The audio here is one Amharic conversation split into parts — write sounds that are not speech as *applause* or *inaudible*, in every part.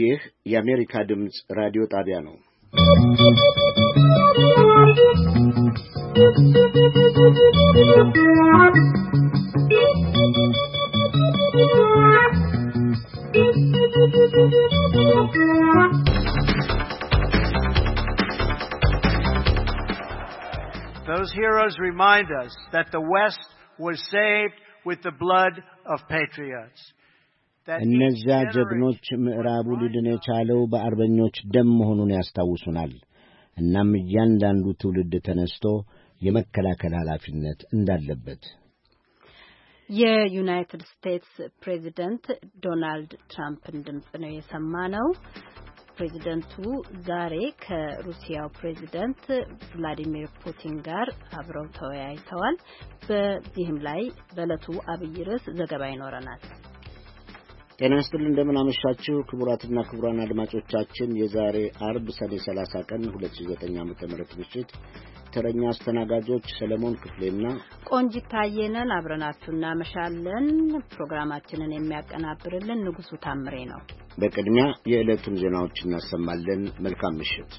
ይህ የአሜሪካ ድምፅ ራዲዮ ጣቢያ ነው። Those heroes remind us that the West was saved እነዚያ ጀግኖች ምዕራቡ ሊድን የቻለው በአርበኞች ደም መሆኑን ያስታውሱናል። እናም እያንዳንዱ ትውልድ ተነስቶ የመከላከል ኃላፊነት እንዳለበት የዩናይትድ ስቴትስ ፕሬዚደንት ዶናልድ ትራምፕን ድምፅ ነው የሰማ ነው። ፕሬዚደንቱ ዛሬ ከሩሲያው ፕሬዚደንት ቭላዲሚር ፑቲን ጋር አብረው ተወያይተዋል። በዚህም ላይ በእለቱ አብይ ርዕስ ዘገባ ይኖረናል። ጤና ይስጥልን፣ እንደምን አመሻችሁ ክቡራትና ክቡራን አድማጮቻችን የዛሬ አርብ ሰኔ 30 ቀን 2009 ዓ.ም ምሽት ተረኛ አስተናጋጆች ሰለሞን ክፍሌና ቆንጂት ታየ አብረናችሁ እናመሻለን። ፕሮግራማችንን የሚያቀናብርልን ንጉሱ ታምሬ ነው። በቅድሚያ የዕለቱን ዜናዎች እናሰማለን። መልካም ምሽት።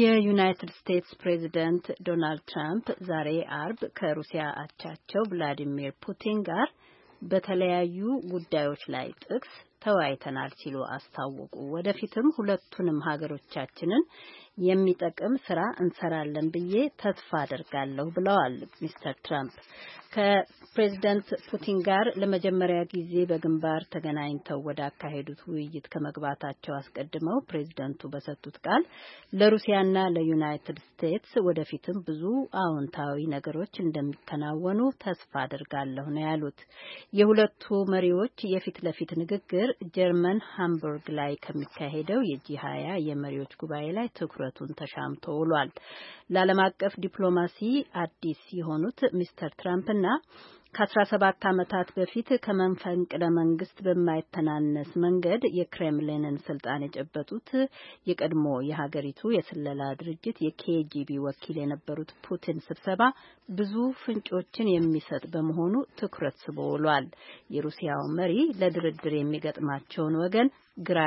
የዩናይትድ ስቴትስ ፕሬዚደንት ዶናልድ ትራምፕ ዛሬ አርብ ከሩሲያ አቻቸው ቭላዲሚር ፑቲን ጋር በተለያዩ ጉዳዮች ላይ ጥቅስ ተወያይተናል ሲሉ አስታወቁ። ወደፊትም ሁለቱንም ሀገሮቻችንን የሚጠቅም ስራ እንሰራለን ብዬ ተስፋ አድርጋለሁ ብለዋል ሚስተር ትራምፕ። ከፕሬዚደንት ፑቲን ጋር ለመጀመሪያ ጊዜ በግንባር ተገናኝተው ወደ አካሄዱት ውይይት ከመግባታቸው አስቀድመው ፕሬዚደንቱ በሰጡት ቃል ለሩሲያና ለዩናይትድ ስቴትስ ወደፊትም ብዙ አዎንታዊ ነገሮች እንደሚከናወኑ ተስፋ አድርጋለሁ ነው ያሉት። የሁለቱ መሪዎች የፊት ለፊት ንግግር ጀርመን ሃምቡርግ ላይ ከሚካሄደው የጂ ሀያ የመሪዎች ጉባኤ ላይ ትኩረት ትኩረቱን ተሻምቶ ውሏል። ለዓለም አቀፍ ዲፕሎማሲ አዲስ የሆኑት ሚስተር ትራምፕና ከ17 ዓመታት በፊት ከመንፈንቅለ መንግስት በማይተናነስ መንገድ የክሬምሊንን ስልጣን የጨበጡት የቀድሞ የሀገሪቱ የስለላ ድርጅት የኬጂቢ ወኪል የነበሩት ፑቲን ስብሰባ ብዙ ፍንጮችን የሚሰጥ በመሆኑ ትኩረት ስቦ ውሏል። የሩሲያው መሪ ለድርድር የሚገጥማቸውን ወገን ግራ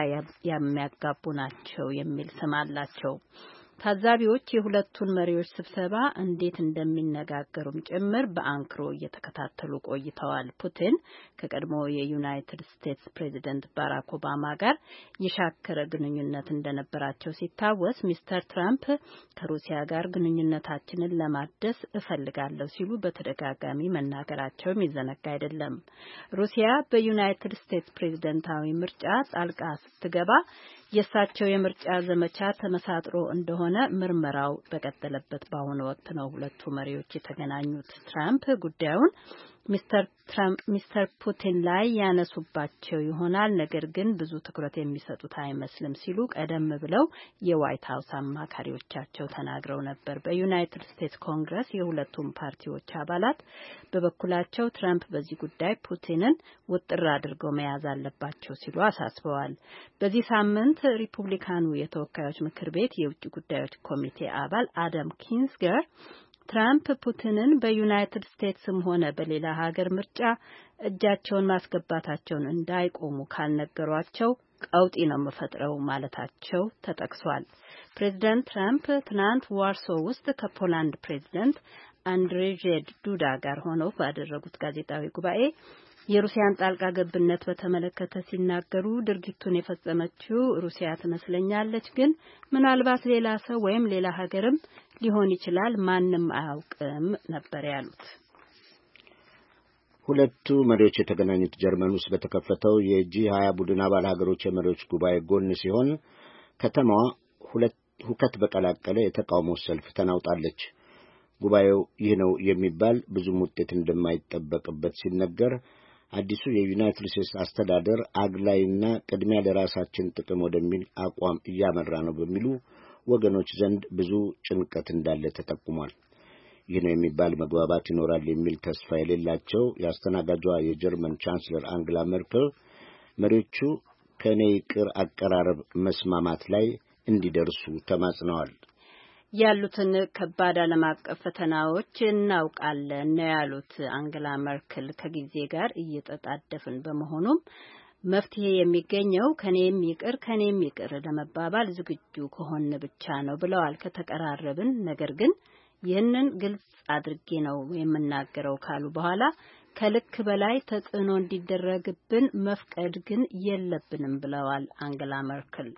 የሚያጋቡ ናቸው የሚል ስም አላቸው። ታዛቢዎች የሁለቱን መሪዎች ስብሰባ እንዴት እንደሚነጋገሩም ጭምር በአንክሮ እየተከታተሉ ቆይተዋል። ፑቲን ከቀድሞ የዩናይትድ ስቴትስ ፕሬዚደንት ባራክ ኦባማ ጋር የሻከረ ግንኙነት እንደነበራቸው ሲታወስ፣ ሚስተር ትራምፕ ከሩሲያ ጋር ግንኙነታችንን ለማደስ እፈልጋለሁ ሲሉ በተደጋጋሚ መናገራቸውም ይዘነጋ አይደለም። ሩሲያ በዩናይትድ ስቴትስ ፕሬዚደንታዊ ምርጫ ጣልቃ ስትገባ የእሳቸው የምርጫ ዘመቻ ተመሳጥሮ እንደሆነ ምርመራው በቀጠለበት በአሁኑ ወቅት ነው ሁለቱ መሪዎች የተገናኙት። ትራምፕ ጉዳዩን ሚስተር ፑቲን ላይ ያነሱባቸው ይሆናል፣ ነገር ግን ብዙ ትኩረት የሚሰጡት አይመስልም ሲሉ ቀደም ብለው የዋይት ሀውስ አማካሪዎቻቸው ተናግረው ነበር። በዩናይትድ ስቴትስ ኮንግረስ የሁለቱም ፓርቲዎች አባላት በበኩላቸው ትራምፕ በዚህ ጉዳይ ፑቲንን ውጥር አድርገው መያዝ አለባቸው ሲሉ አሳስበዋል። በዚህ ሳምንት ሪፑብሊካኑ የተወካዮች ምክር ቤት የውጭ ጉዳዮች ኮሚቴ አባል አደም ኪንስገር ትራምፕ ፑቲንን በዩናይትድ ስቴትስም ሆነ በሌላ ሀገር ምርጫ እጃቸውን ማስገባታቸውን እንዳይቆሙ ካልነገሯቸው ቀውጢ ነው የምፈጥረው ማለታቸው ተጠቅሷል። ፕሬዚደንት ትራምፕ ትናንት ዋርሶ ውስጥ ከፖላንድ ፕሬዚደንት አንድሬ ዱዳ ጋር ሆነው ባደረጉት ጋዜጣዊ ጉባኤ የሩሲያን ጣልቃ ገብነት በተመለከተ ሲናገሩ ድርጊቱን የፈጸመችው ሩሲያ ትመስለኛለች፣ ግን ምናልባት ሌላ ሰው ወይም ሌላ ሀገርም ሊሆን ይችላል፣ ማንም አያውቅም ነበር ያሉት። ሁለቱ መሪዎች የተገናኙት ጀርመን ውስጥ በተከፈተው የጂ ሀያ ቡድን አባል ሀገሮች የመሪዎች ጉባኤ ጎን ሲሆን ከተማዋ ሁከት በቀላቀለ የተቃውሞ ሰልፍ ተናውጣለች። ጉባኤው ይህ ነው የሚባል ብዙም ውጤት እንደማይጠበቅበት ሲነገር አዲሱ የዩናይትድ ስቴትስ አስተዳደር አግላይና ቅድሚያ ለራሳችን ጥቅም ወደሚል አቋም እያመራ ነው በሚሉ ወገኖች ዘንድ ብዙ ጭንቀት እንዳለ ተጠቁሟል። ይህ ነው የሚባል መግባባት ይኖራል የሚል ተስፋ የሌላቸው የአስተናጋጇ የጀርመን ቻንስለር አንግላ ሜርክል መሪዎቹ ከእኔ ይቅር አቀራረብ መስማማት ላይ እንዲደርሱ ተማጽነዋል። ያሉትን ከባድ ዓለም አቀፍ ፈተናዎች እናውቃለን ነው ያሉት አንገላ መርክል። ከጊዜ ጋር እየተጣደፍን በመሆኑም መፍትሄ የሚገኘው ከኔም ይቅር ከኔም ይቅር ለመባባል ዝግጁ ከሆን ብቻ ነው ብለዋል። ከተቀራረብን ነገር ግን ይህንን ግልጽ አድርጌ ነው የምናገረው ካሉ በኋላ ከልክ በላይ ተጽዕኖ እንዲደረግብን መፍቀድ ግን የለብንም ብለዋል አንገላ መርክል።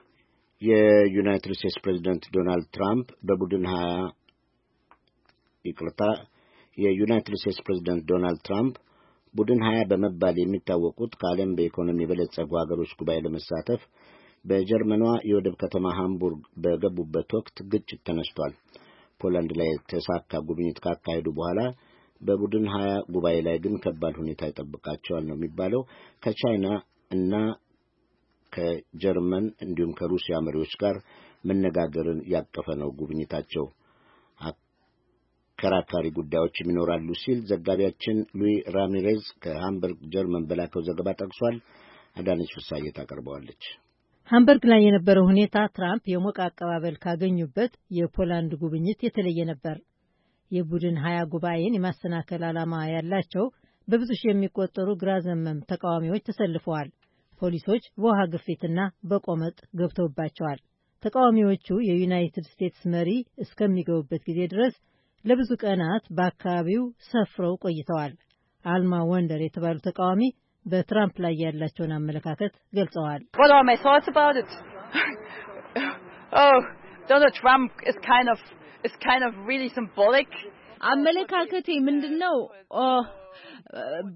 የዩናይትድ ስቴትስ ፕሬዚደንት ዶናልድ ትራምፕ በቡድን ሀያ ይቅርታ፣ የዩናይትድ ስቴትስ ፕሬዚደንት ዶናልድ ትራምፕ ቡድን ሀያ በመባል የሚታወቁት ከዓለም በኢኮኖሚ የበለጸጉ ሀገሮች ጉባኤ ለመሳተፍ በጀርመኗ የወደብ ከተማ ሃምቡርግ በገቡበት ወቅት ግጭት ተነስቷል። ፖላንድ ላይ የተሳካ ጉብኝት ካካሄዱ በኋላ በቡድን ሀያ ጉባኤ ላይ ግን ከባድ ሁኔታ ይጠብቃቸዋል ነው የሚባለው ከቻይና እና ከጀርመን እንዲሁም ከሩሲያ መሪዎች ጋር መነጋገርን ያቀፈ ነው ጉብኝታቸው። አከራካሪ ጉዳዮችም ይኖራሉ ሲል ዘጋቢያችን ሉዊ ራሚሬዝ ከሃምበርግ ጀርመን በላከው ዘገባ ጠቅሷል። አዳነች ፍሳዬ ታቀርበዋለች። ሃምበርግ ላይ የነበረው ሁኔታ ትራምፕ የሞቀ አቀባበል ካገኙበት የፖላንድ ጉብኝት የተለየ ነበር። የቡድን ሀያ ጉባኤን የማሰናከል ዓላማ ያላቸው በብዙ ሺህ የሚቆጠሩ ግራ ዘመም ተቃዋሚዎች ተሰልፈዋል። ፖሊሶች በውሃ ግፊትና በቆመጥ ገብተውባቸዋል። ተቃዋሚዎቹ የዩናይትድ ስቴትስ መሪ እስከሚገቡበት ጊዜ ድረስ ለብዙ ቀናት በአካባቢው ሰፍረው ቆይተዋል። አልማ ወንደር የተባሉ ተቃዋሚ በትራምፕ ላይ ያላቸውን አመለካከት ገልጸዋል። oh, አመለካከቴ ምንድን ነው?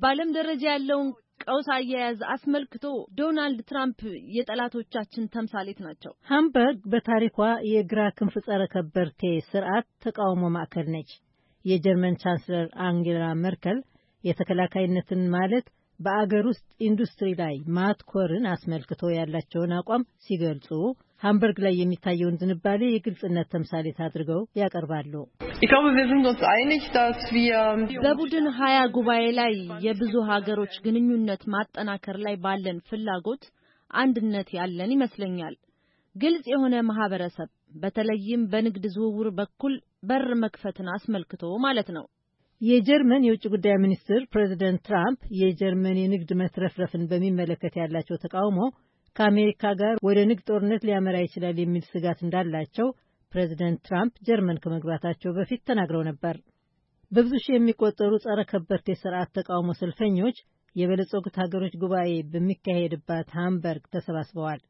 በዓለም ደረጃ ያለውን ቀውስ አያያዝ አስመልክቶ ዶናልድ ትራምፕ የጠላቶቻችን ተምሳሌት ናቸው። ሃምበርግ በታሪኳ የግራ ክንፍ ጸረ ከበርቴ ስርዓት ተቃውሞ ማዕከል ነች። የጀርመን ቻንስለር አንጌላ መርከል የተከላካይነትን ማለት በአገር ውስጥ ኢንዱስትሪ ላይ ማትኮርን አስመልክቶ ያላቸውን አቋም ሲገልጹ ሃምበርግ ላይ የሚታየውን ዝንባሌ የግልጽነት ተምሳሌት አድርገው ያቀርባሉ። በቡድን ሀያ ጉባኤ ላይ የብዙ ሀገሮች ግንኙነት ማጠናከር ላይ ባለን ፍላጎት አንድነት ያለን ይመስለኛል። ግልጽ የሆነ ማህበረሰብ በተለይም በንግድ ዝውውር በኩል በር መክፈትን አስመልክቶ ማለት ነው። የጀርመን የውጭ ጉዳይ ሚኒስትር ፕሬዚደንት ትራምፕ የጀርመን የንግድ መትረፍረፍን በሚመለከት ያላቸው ተቃውሞ ከአሜሪካ ጋር ወደ ንግድ ጦርነት ሊያመራ ይችላል የሚል ስጋት እንዳላቸው ፕሬዚደንት ትራምፕ ጀርመን ከመግባታቸው በፊት ተናግረው ነበር። በብዙ ሺህ የሚቆጠሩ ጸረ ከበርቴ ስርዓት ተቃውሞ ሰልፈኞች የበለጸጉት ሀገሮች ጉባኤ በሚካሄድባት ሃምበርግ ተሰባስበዋል።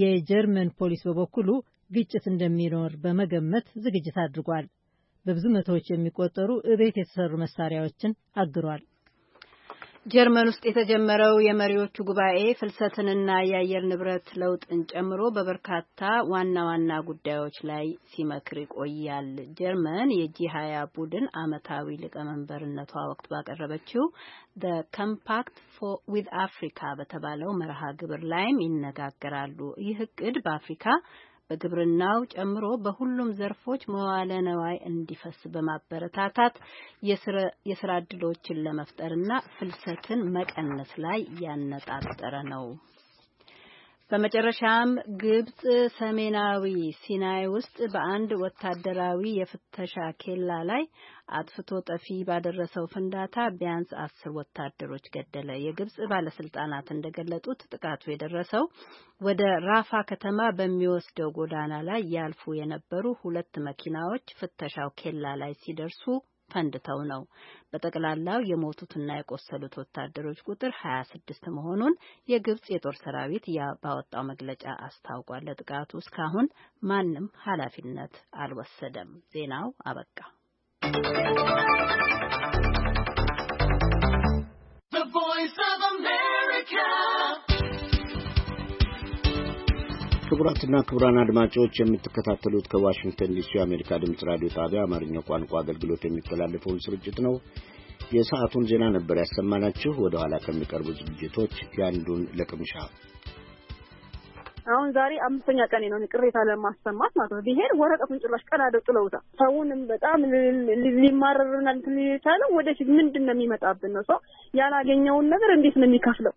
የጀርመን ፖሊስ በበኩሉ ግጭት እንደሚኖር በመገመት ዝግጅት አድርጓል። በብዙ መቶዎች የሚቆጠሩ እቤት የተሰሩ መሳሪያዎችን አግሯል። ጀርመን ውስጥ የተጀመረው የመሪዎቹ ጉባኤ ፍልሰትንና የአየር ንብረት ለውጥን ጨምሮ በበርካታ ዋና ዋና ጉዳዮች ላይ ሲመክር ይቆያል። ጀርመን የጂ ሀያ ቡድን አመታዊ ሊቀመንበርነቷ ወቅት ባቀረበችው ደ ከምፓክት ዊዝ አፍሪካ በተባለው መርሃ ግብር ላይም ይነጋገራሉ። ይህ እቅድ በአፍሪካ በግብርናው ጨምሮ በሁሉም ዘርፎች መዋለ ነዋይ እንዲፈስ በማበረታታት የስራ እድሎችን ለመፍጠርና ፍልሰትን መቀነስ ላይ ያነጣጠረ ነው። በመጨረሻም ግብጽ ሰሜናዊ ሲናይ ውስጥ በአንድ ወታደራዊ የፍተሻ ኬላ ላይ አጥፍቶ ጠፊ ባደረሰው ፍንዳታ ቢያንስ አስር ወታደሮች ገደለ። የግብጽ ባለስልጣናት እንደገለጡት ጥቃቱ የደረሰው ወደ ራፋ ከተማ በሚወስደው ጎዳና ላይ ያልፉ የነበሩ ሁለት መኪናዎች ፍተሻው ኬላ ላይ ሲደርሱ ፈንድተው ነው። በጠቅላላው የሞቱትና የቆሰሉት ወታደሮች ቁጥር 26 መሆኑን የግብጽ የጦር ሰራዊት ባወጣው መግለጫ አስታውቋል። ለጥቃቱ እስካሁን ማንም ኃላፊነት አልወሰደም። ዜናው አበቃ። The voice of America ክቡራትና ክቡራን አድማጮች የምትከታተሉት ከዋሽንግተን ዲሲ የአሜሪካ ድምፅ ራዲዮ ጣቢያ አማርኛው ቋንቋ አገልግሎት የሚተላለፈውን ስርጭት ነው። የሰዓቱን ዜና ነበር ያሰማናችሁ። ወደ ኋላ ከሚቀርቡ ዝግጅቶች የአንዱን ለቅምሻ አሁን ዛሬ አምስተኛ ቀኔ ነው ቅሬታ ለማሰማት ማለት ነው። ብሄር ወረቀቱን ጭራሽ ቀን ጥለውታል። ሰውንም በጣም ሊማረርና ሊቻለው ወደፊት ምንድን ነው የሚመጣብን ነው። ሰው ያላገኘውን ነገር እንዴት ነው የሚከፍለው?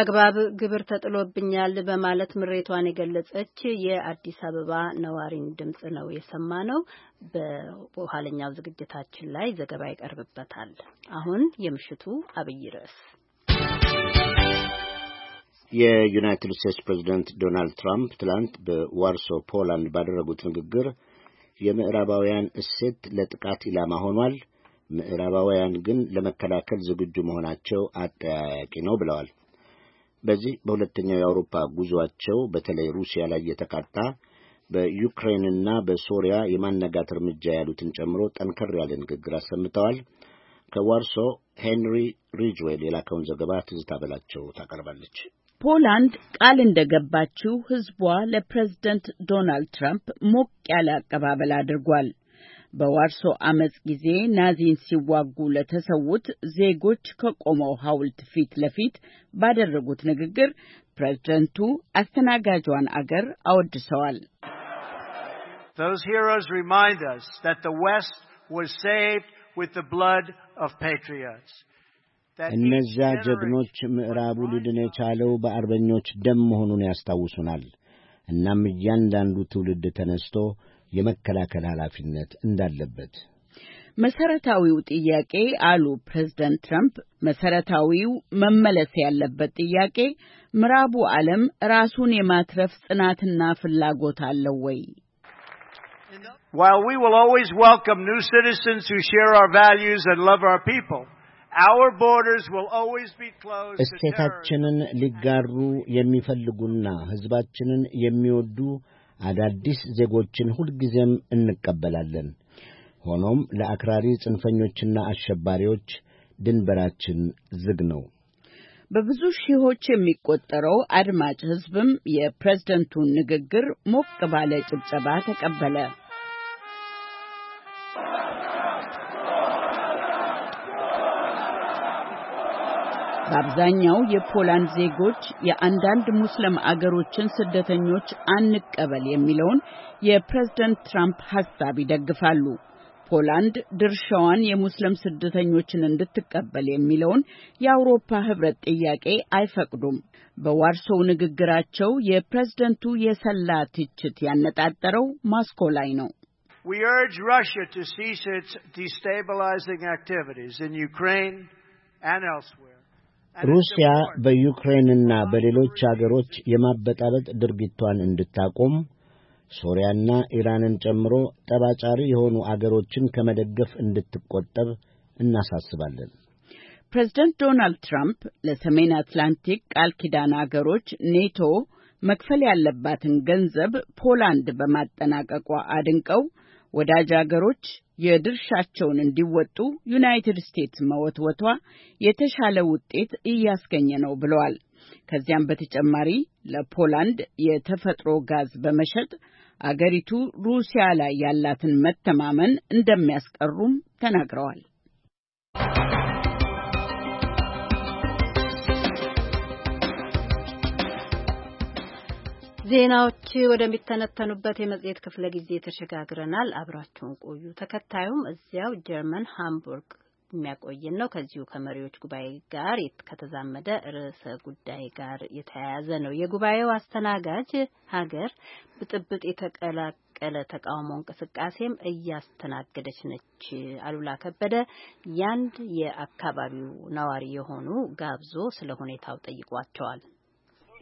አግባብ ግብር ተጥሎብኛል በማለት ምሬቷን የገለጸች የአዲስ አበባ ነዋሪን ድምጽ ነው የሰማ ነው። በኋለኛው ዝግጅታችን ላይ ዘገባ ይቀርብበታል። አሁን የምሽቱ አብይ ርዕስ የዩናይትድ ስቴትስ ፕሬዚደንት ዶናልድ ትራምፕ ትላንት በዋርሶ ፖላንድ ባደረጉት ንግግር የምዕራባውያን እሴት ለጥቃት ኢላማ ሆኗል፣ ምዕራባውያን ግን ለመከላከል ዝግጁ መሆናቸው አጠያያቂ ነው ብለዋል። በዚህ በሁለተኛው የአውሮፓ ጉዞአቸው በተለይ ሩሲያ ላይ የተቃጣ በዩክሬንና በሶሪያ የማነጋት እርምጃ ያሉትን ጨምሮ ጠንከር ያለ ንግግር አሰምተዋል። ከዋርሶ ሄንሪ ሪጅዌል የላከውን ዘገባ ትዝታ በላቸው ታቀርባለች። ፖላንድ ቃል እንደገባችው ሕዝቧ ለፕሬዝደንት ዶናልድ ትራምፕ ሞቅ ያለ አቀባበል አድርጓል። በዋርሶ አመፅ ጊዜ ናዚን ሲዋጉ ለተሰዉት ዜጎች ከቆመው ሐውልት ፊት ለፊት ባደረጉት ንግግር ፕሬዝደንቱ አስተናጋጇን አገር አወድሰዋል። እነዚያ ጀግኖች ምዕራቡ ሊድን የቻለው በአርበኞች ደም መሆኑን ያስታውሱናል። እናም እያንዳንዱ ትውልድ ተነስቶ የመከላከል ኃላፊነት እንዳለበት መሰረታዊው ጥያቄ አሉ ፕሬዝደንት ትራምፕ። መሰረታዊው መመለስ ያለበት ጥያቄ ምዕራቡ ዓለም ራሱን የማትረፍ ጽናትና ፍላጎት አለው ወይ? While we will always welcome new citizens who share our values and love our people, our borders will always be closed. እሴታችንን ሊጋሩ የሚፈልጉና ሕዝባችንን የሚወዱ አዳዲስ ዜጎችን ሁልጊዜም እንቀበላለን። ሆኖም ለአክራሪ ጽንፈኞችና አሸባሪዎች ድንበራችን ዝግ ነው። በብዙ ሺዎች የሚቆጠረው አድማጭ ሕዝብም የፕሬዝደንቱን ንግግር ሞቅ ባለ ጭብጨባ ተቀበለ። በአብዛኛው የፖላንድ ዜጎች የአንዳንድ ሙስሊም አገሮችን ስደተኞች አንቀበል የሚለውን የፕሬዝደንት ትራምፕ ሐሳብ ይደግፋሉ። ፖላንድ ድርሻዋን የሙስሊም ስደተኞችን እንድትቀበል የሚለውን የአውሮፓ ሕብረት ጥያቄ አይፈቅዱም። በዋርሶው ንግግራቸው የፕሬዝደንቱ የሰላ ትችት ያነጣጠረው ማስኮ ላይ ነው። We urge Russia to cease its destabilizing activities in Ukraine and elsewhere. ሩሲያ በዩክሬንና በሌሎች አገሮች የማበጣበጥ ድርጊቷን እንድታቆም ሶሪያና ኢራንን ጨምሮ ጠባጫሪ የሆኑ አገሮችን ከመደገፍ እንድትቆጠብ እናሳስባለን። ፕሬዝደንት ዶናልድ ትራምፕ ለሰሜን አትላንቲክ ቃል ኪዳን አገሮች ኔቶ መክፈል ያለባትን ገንዘብ ፖላንድ በማጠናቀቋ አድንቀው ወዳጅ አገሮች የድርሻቸውን እንዲወጡ ዩናይትድ ስቴትስ መወትወቷ የተሻለ ውጤት እያስገኘ ነው ብለዋል። ከዚያም በተጨማሪ ለፖላንድ የተፈጥሮ ጋዝ በመሸጥ አገሪቱ ሩሲያ ላይ ያላትን መተማመን እንደሚያስቀሩም ተናግረዋል። ዜናዎች ወደሚተነተኑበት የመጽሔት ክፍለ ጊዜ ተሸጋግረናል። አብራችሁን ቆዩ። ተከታዩም እዚያው ጀርመን ሃምቡርግ የሚያቆየን ነው። ከዚሁ ከመሪዎች ጉባኤ ጋር ከተዛመደ ርዕሰ ጉዳይ ጋር የተያያዘ ነው። የጉባኤው አስተናጋጅ ሀገር ብጥብጥ የተቀላቀለ ተቃውሞ እንቅስቃሴም እያስተናገደች ነች። አሉላ ከበደ ያንድ የአካባቢው ነዋሪ የሆኑ ጋብዞ ስለ ሁኔታው ጠይቋቸዋል።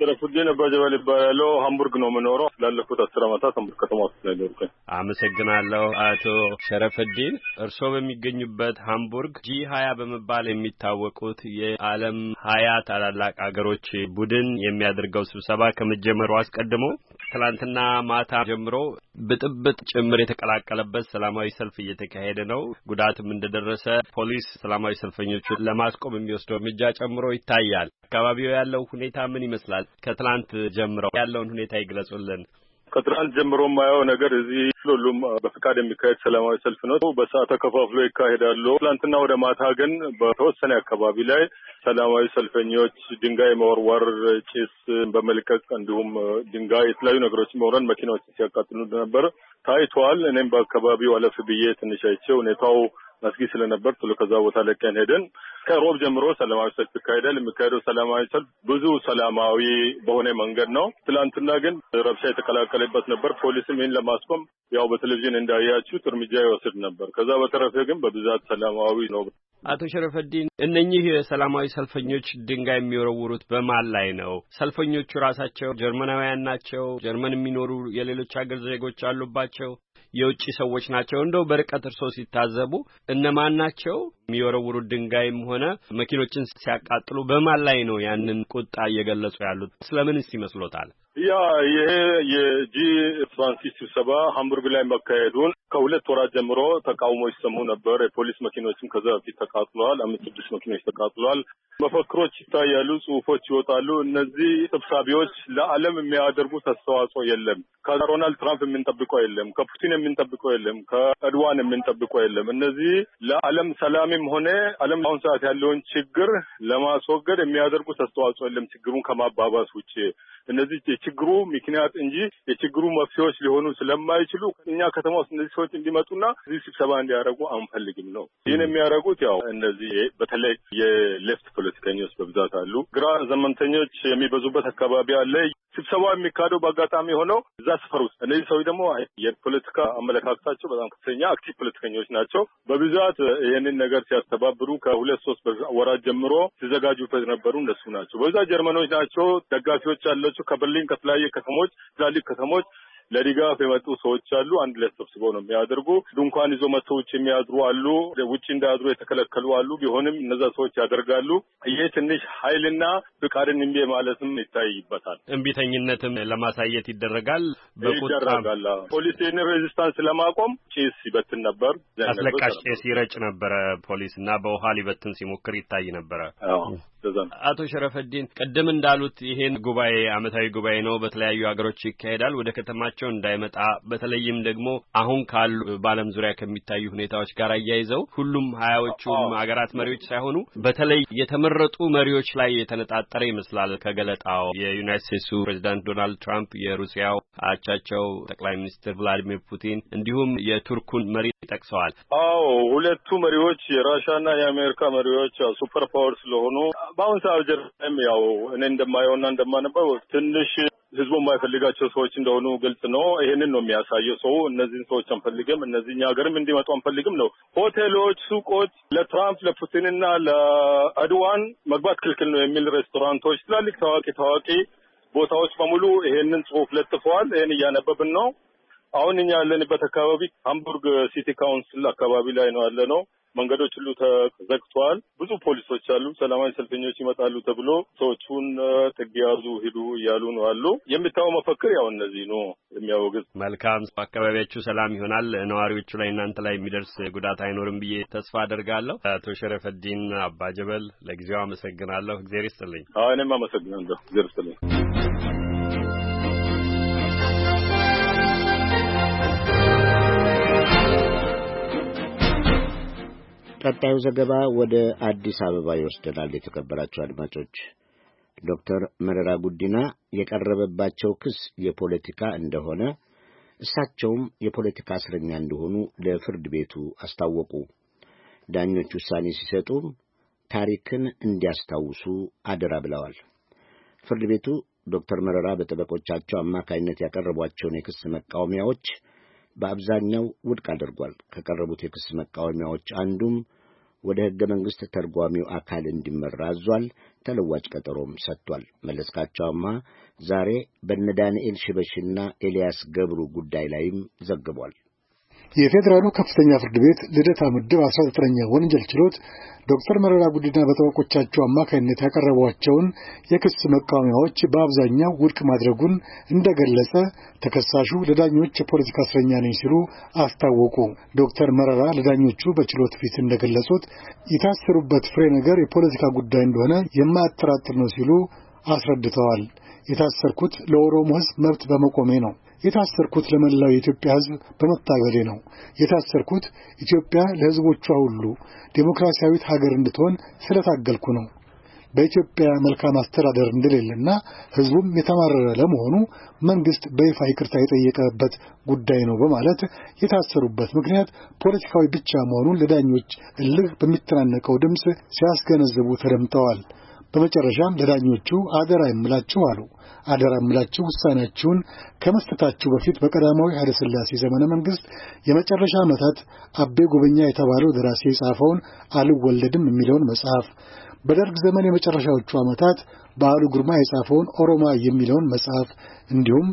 ሽረፉዲን በጀበል ይባላለው። ሀምቡርግ ነው የምኖረው። ላለፉት አስር አመታት ሀምቡርግ ከተማ ውስጥ ነው ያለሁት። አመሰግናለሁ አቶ ሸረፍዲን። እርስዎ በሚገኙበት ሀምቡርግ ጂ ሀያ በመባል የሚታወቁት የዓለም ሀያ ታላላቅ አገሮች ቡድን የሚያደርገው ስብሰባ ከመጀመሩ አስቀድሞ ትላንትና ማታ ጀምሮ ብጥብጥ ጭምር የተቀላቀለበት ሰላማዊ ሰልፍ እየተካሄደ ነው። ጉዳትም እንደደረሰ ፖሊስ ሰላማዊ ሰልፈኞቹን ለማስቆም የሚወስደው እርምጃ ጨምሮ ይታያል። አካባቢው ያለው ሁኔታ ምን ይመስላል? ይመስለኛል። ከትላንት ጀምረው ያለውን ሁኔታ ይግለጹልን። ከትናንት ጀምሮ የማየው ነገር እዚህ ሁሉም በፍቃድ የሚካሄድ ሰላማዊ ሰልፍ ነው። በሰዓት ተከፋፍሎ ይካሄዳሉ። ትላንትና ወደ ማታ ግን በተወሰነ አካባቢ ላይ ሰላማዊ ሰልፈኞች ድንጋይ መወርወር፣ ጭስ በመልቀቅ እንዲሁም ድንጋይ የተለያዩ ነገሮች መውረን መኪናዎች ሲያቃጥሉ ነበር ታይቷል። እኔም በአካባቢው አለፍ ብዬ ትንሽ አይቼ ሁኔታው አስጊ ስለነበር ቶሎ ከዛ ቦታ ለቀን ሄደን ከሮብ ጀምሮ ሰላማዊ ሰልፍ ይካሄዳል። የሚካሄደው ሰላማዊ ሰልፍ ብዙ ሰላማዊ በሆነ መንገድ ነው። ትላንትና ግን ረብሻ የተቀላቀለበት ነበር። ፖሊስም ይህን ለማስቆም ያው በቴሌቪዥን እንዳያችሁት እርምጃ ይወስድ ነበር። ከዛ በተረፈ ግን በብዛት ሰላማዊ ነው። አቶ ሸረፈዲን እነኚህ ሰላማዊ ሰልፈኞች ድንጋይ የሚወረውሩት በማን ላይ ነው? ሰልፈኞቹ ራሳቸው ጀርመናውያን ናቸው? ጀርመን የሚኖሩ የሌሎች ሀገር ዜጎች አሉባቸው? የውጭ ሰዎች ናቸው። እንደው በርቀት እርሶ ሲታዘቡ እነማን ናቸው? የሚወረውሩት ድንጋይም ሆነ መኪኖችን ሲያቃጥሉ በማን ላይ ነው ያንን ቁጣ እየገለጹ ያሉት? ስለምንስ ይመስሎታል? ያ ይሄ የጂ ፍራንሲስ ስብሰባ ሃምቡርግ ላይ መካሄዱን ከሁለት ወራት ጀምሮ ተቃውሞ ይሰሙ ነበር። የፖሊስ መኪኖችም ከዛ በፊት ተቃጥለዋል። አምስት ስድስት መኪኖች ተቃጥለዋል። መፈክሮች ይታያሉ፣ ጽሁፎች ይወጣሉ። እነዚህ ሰብሳቢዎች ለዓለም የሚያደርጉት አስተዋጽኦ የለም። ከዶናልድ ትራምፕ የምንጠብቀው የለም። ከፑቲን የምንጠብቀው የለም። ከእድዋን የምንጠብቀው የለም። እነዚህ ለዓለም ሰላም እኔም ሆነ ዓለም አሁን ሰዓት ያለውን ችግር ለማስወገድ የሚያደርጉት አስተዋጽኦ የለም ችግሩን ከማባባስ ውጭ። እነዚህ የችግሩ ምክንያት እንጂ የችግሩ መፍትሄዎች ሊሆኑ ስለማይችሉ እኛ ከተማ ውስጥ እነዚህ ሰዎች እንዲመጡና እዚህ ስብሰባ እንዲያደርጉ አንፈልግም ነው። ይህን የሚያደርጉት ያው እነዚህ በተለይ የሌፍት ፖለቲከኞች በብዛት አሉ። ግራ ዘመንተኞች የሚበዙበት አካባቢ አለ። ስብሰባ የሚካሄደው በአጋጣሚ ሆነው እዛ ስፈር ውስጥ እነዚህ ሰዎች ደግሞ የፖለቲካ አመለካከታቸው በጣም ከፍተኛ አክቲቭ ፖለቲከኞች ናቸው። በብዛት ይህንን ነገር ሲያስተባብሩ ከሁለት ሶስት ወራት ጀምሮ ሲዘጋጁበት የነበሩ እነሱ ናቸው። በዛ ጀርመኖች ናቸው ደጋፊዎች ያላቸው ከበርሊን ከተለያየ ከተሞች ትላልቅ ከተሞች ለድጋፍ የመጡ ሰዎች አሉ። አንድ ላይ ተሰብስበው ነው የሚያደርጉ። ድንኳን ይዞ መጥቶ ውጭ የሚያድሩ አሉ። ውጭ እንዳያድሩ የተከለከሉ አሉ። ቢሆንም እነዛ ሰዎች ያደርጋሉ። ይሄ ትንሽ ኃይልና ፍቃድን እምቢ ማለትም ይታይበታል። እምቢተኝነትም ለማሳየት ይደረጋል ይደረጋል። ፖሊስን ሬዚስታንስ ለማቆም ጭስ ይበትን ነበር። አስለቃሽ ጭስ ይረጭ ነበረ ፖሊስ እና በውሃ ሊበትን ሲሞክር ይታይ ነበረ። እንደዛ ነው። አቶ ሸረፈዲን ቅድም እንዳሉት ይሄን ጉባኤ አመታዊ ጉባኤ ነው፣ በተለያዩ ሀገሮች ይካሄዳል። ወደ ከተማቸው እንዳይመጣ በተለይም ደግሞ አሁን ካሉ በዓለም ዙሪያ ከሚታዩ ሁኔታዎች ጋር አያይዘው ሁሉም ሀያዎቹም ሀገራት መሪዎች ሳይሆኑ በተለይ የተመረጡ መሪዎች ላይ የተነጣጠረ ይመስላል። ከገለጣው የዩናይት ስቴትሱ ፕሬዚዳንት ዶናልድ ትራምፕ፣ የሩሲያው አቻቸው ጠቅላይ ሚኒስትር ቭላዲሚር ፑቲን እንዲሁም የቱርኩን መሪ ጠቅሰዋል። አዎ ሁለቱ መሪዎች የራሻና የአሜሪካ መሪዎች ሱፐር ፓወር ስለሆኑ በአሁን ሰዓት ጀርም ያው እኔ እንደማየውና እንደማነበው ትንሽ ህዝቡ የማይፈልጋቸው ሰዎች እንደሆኑ ግልጽ ነው። ይሄንን ነው የሚያሳየው። ሰው እነዚህን ሰዎች አንፈልግም፣ እነዚህኛ ሀገርም እንዲመጡ አንፈልግም ነው። ሆቴሎች፣ ሱቆች ለትራምፕ ለፑቲንና ለአድዋን መግባት ክልክል ነው የሚል ሬስቶራንቶች፣ ትላልቅ ታዋቂ ታዋቂ ቦታዎች በሙሉ ይሄንን ጽሁፍ ለጥፈዋል። ይሄን እያነበብን ነው። አሁን እኛ ያለንበት አካባቢ ሃምቡርግ ሲቲ ካውንስል አካባቢ ላይ ነው ያለ ነው። መንገዶች ሁሉ ተዘግተዋል። ብዙ ፖሊሶች አሉ። ሰላማዊ ሰልፈኞች ይመጣሉ ተብሎ ሰዎቹን ጥግ ያዙ ሂዱ እያሉ ነው አሉ። የሚታየው መፈክር ያው እነዚህ ነው የሚያወግዝ። መልካም አካባቢያችሁ ሰላም ይሆናል፣ ነዋሪዎቹ ላይ እናንተ ላይ የሚደርስ ጉዳት አይኖርም ብዬ ተስፋ አደርጋለሁ። አቶ ሸረፈዲን አባጀበል ለጊዜው አመሰግናለሁ። እግዜር ይስጥልኝ። እኔም አመሰግናለሁ። እግዜር ይስጥልኝ። ቀጣዩ ዘገባ ወደ አዲስ አበባ ይወስደናል። የተከበራቸው አድማጮች ዶክተር መረራ ጉዲና የቀረበባቸው ክስ የፖለቲካ እንደሆነ እሳቸውም የፖለቲካ እስረኛ እንደሆኑ ለፍርድ ቤቱ አስታወቁ። ዳኞች ውሳኔ ሲሰጡም ታሪክን እንዲያስታውሱ አደራ ብለዋል። ፍርድ ቤቱ ዶክተር መረራ በጠበቆቻቸው አማካኝነት ያቀረቧቸውን የክስ መቃወሚያዎች በአብዛኛው ውድቅ አድርጓል። ከቀረቡት የክስ መቃወሚያዎች አንዱም ወደ ሕገ መንግሥት ተርጓሚው አካል እንዲመራ አዟል። ተለዋጭ ቀጠሮም ሰጥቷል። መለስካቸው ዛሬ በነ ዳንኤል ሽበሽና ኤልያስ ገብሩ ጉዳይ ላይም ዘግቧል። የፌዴራሉ ከፍተኛ ፍርድ ቤት ልደታ ምድብ 19ኛ ወንጀል ችሎት ዶክተር መረራ ጉዲና በጠበቆቻቸው አማካኝነት ያቀረቧቸውን የክስ መቃወሚያዎች በአብዛኛው ውድቅ ማድረጉን እንደገለጸ ተከሳሹ ለዳኞች የፖለቲካ እስረኛ ነኝ ሲሉ አስታወቁ። ዶክተር መረራ ለዳኞቹ በችሎት ፊት እንደገለጹት የታሰሩበት ፍሬ ነገር የፖለቲካ ጉዳይ እንደሆነ የማያጠራጥር ነው ሲሉ አስረድተዋል። የታሰርኩት ለኦሮሞ ሕዝብ መብት በመቆሜ ነው የታሰርኩት ለመላው የኢትዮጵያ ሕዝብ በመታገሌ ነው። የታሰርኩት ኢትዮጵያ ለሕዝቦቿ ሁሉ ዴሞክራሲያዊት ሀገር እንድትሆን ስለታገልኩ ነው። በኢትዮጵያ መልካም አስተዳደር እንደሌለና ሕዝቡም የተማረረ ለመሆኑ መንግሥት በይፋ ይቅርታ የጠየቀበት ጉዳይ ነው በማለት የታሰሩበት ምክንያት ፖለቲካዊ ብቻ መሆኑን ለዳኞች እልህ በሚተናነቀው ድምፅ ሲያስገነዝቡ ተደምጠዋል። በመጨረሻም ለዳኞቹ አደራ የምላችሁ አሉ። አደራ የምላችሁ ውሳኔያችሁን ከመስጠታችሁ በፊት በቀዳማዊ ኃይለሥላሴ ዘመነ መንግሥት የመጨረሻ ዓመታት አቤ ጉበኛ የተባለው ደራሲ የጻፈውን አልወለድም የሚለውን መጽሐፍ በደርግ ዘመን የመጨረሻዎቹ ዓመታት በዓሉ ግርማ የጻፈውን ኦሮማይ የሚለውን መጽሐፍ እንዲሁም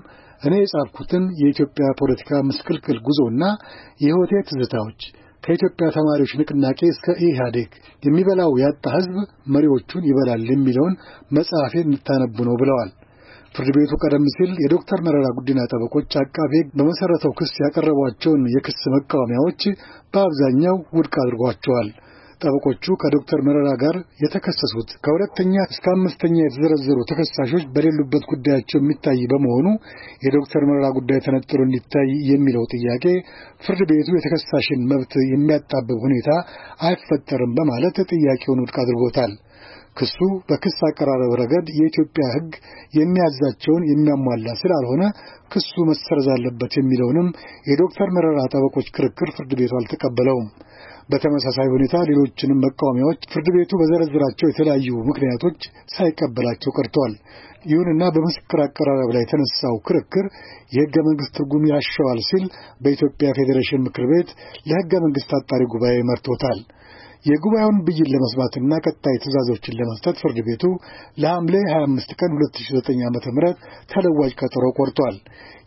እኔ የጻፍኩትን የኢትዮጵያ ፖለቲካ ምስቅልቅል ጉዞና የሕይወቴ ትዝታዎች ከኢትዮጵያ ተማሪዎች ንቅናቄ እስከ ኢህአዴግ የሚበላው ያጣ ሕዝብ መሪዎቹን ይበላል የሚለውን መጽሐፌ እንድታነቡ ነው ብለዋል። ፍርድ ቤቱ ቀደም ሲል የዶክተር መረራ ጉዲና ጠበቆች አቃቤ በመሠረተው ክስ ያቀረቧቸውን የክስ መቃወሚያዎች በአብዛኛው ውድቅ አድርጓቸዋል። ጠበቆቹ ከዶክተር መረራ ጋር የተከሰሱት ከሁለተኛ እስከ አምስተኛ የተዘረዘሩ ተከሳሾች በሌሉበት ጉዳያቸው የሚታይ በመሆኑ የዶክተር መረራ ጉዳይ ተነጥሎ እንዲታይ የሚለው ጥያቄ ፍርድ ቤቱ የተከሳሽን መብት የሚያጣብብ ሁኔታ አይፈጠርም በማለት ጥያቄውን ውድቅ አድርጎታል። ክሱ በክስ አቀራረብ ረገድ የኢትዮጵያ ሕግ የሚያዛቸውን የሚያሟላ ስላልሆነ ክሱ መሰረዝ አለበት የሚለውንም የዶክተር መረራ ጠበቆች ክርክር ፍርድ ቤቱ አልተቀበለውም። በተመሳሳይ ሁኔታ ሌሎችንም መቃወሚያዎች ፍርድ ቤቱ በዘረዝራቸው የተለያዩ ምክንያቶች ሳይቀበላቸው ቀርተዋል። ይሁንና በምስክር አቀራረብ ላይ የተነሳው ክርክር የሕገ መንግሥት ትርጉም ያሻዋል ሲል በኢትዮጵያ ፌዴሬሽን ምክር ቤት ለሕገ መንግሥት አጣሪ ጉባኤ መርቶታል። የጉባኤውን ብይን ለመስማትና ቀጣይ ትዕዛዞችን ለመስጠት ፍርድ ቤቱ ለሐምሌ 25 ቀን 2009 ዓ ም ተለዋጭ ቀጠሮ ቆርጧል።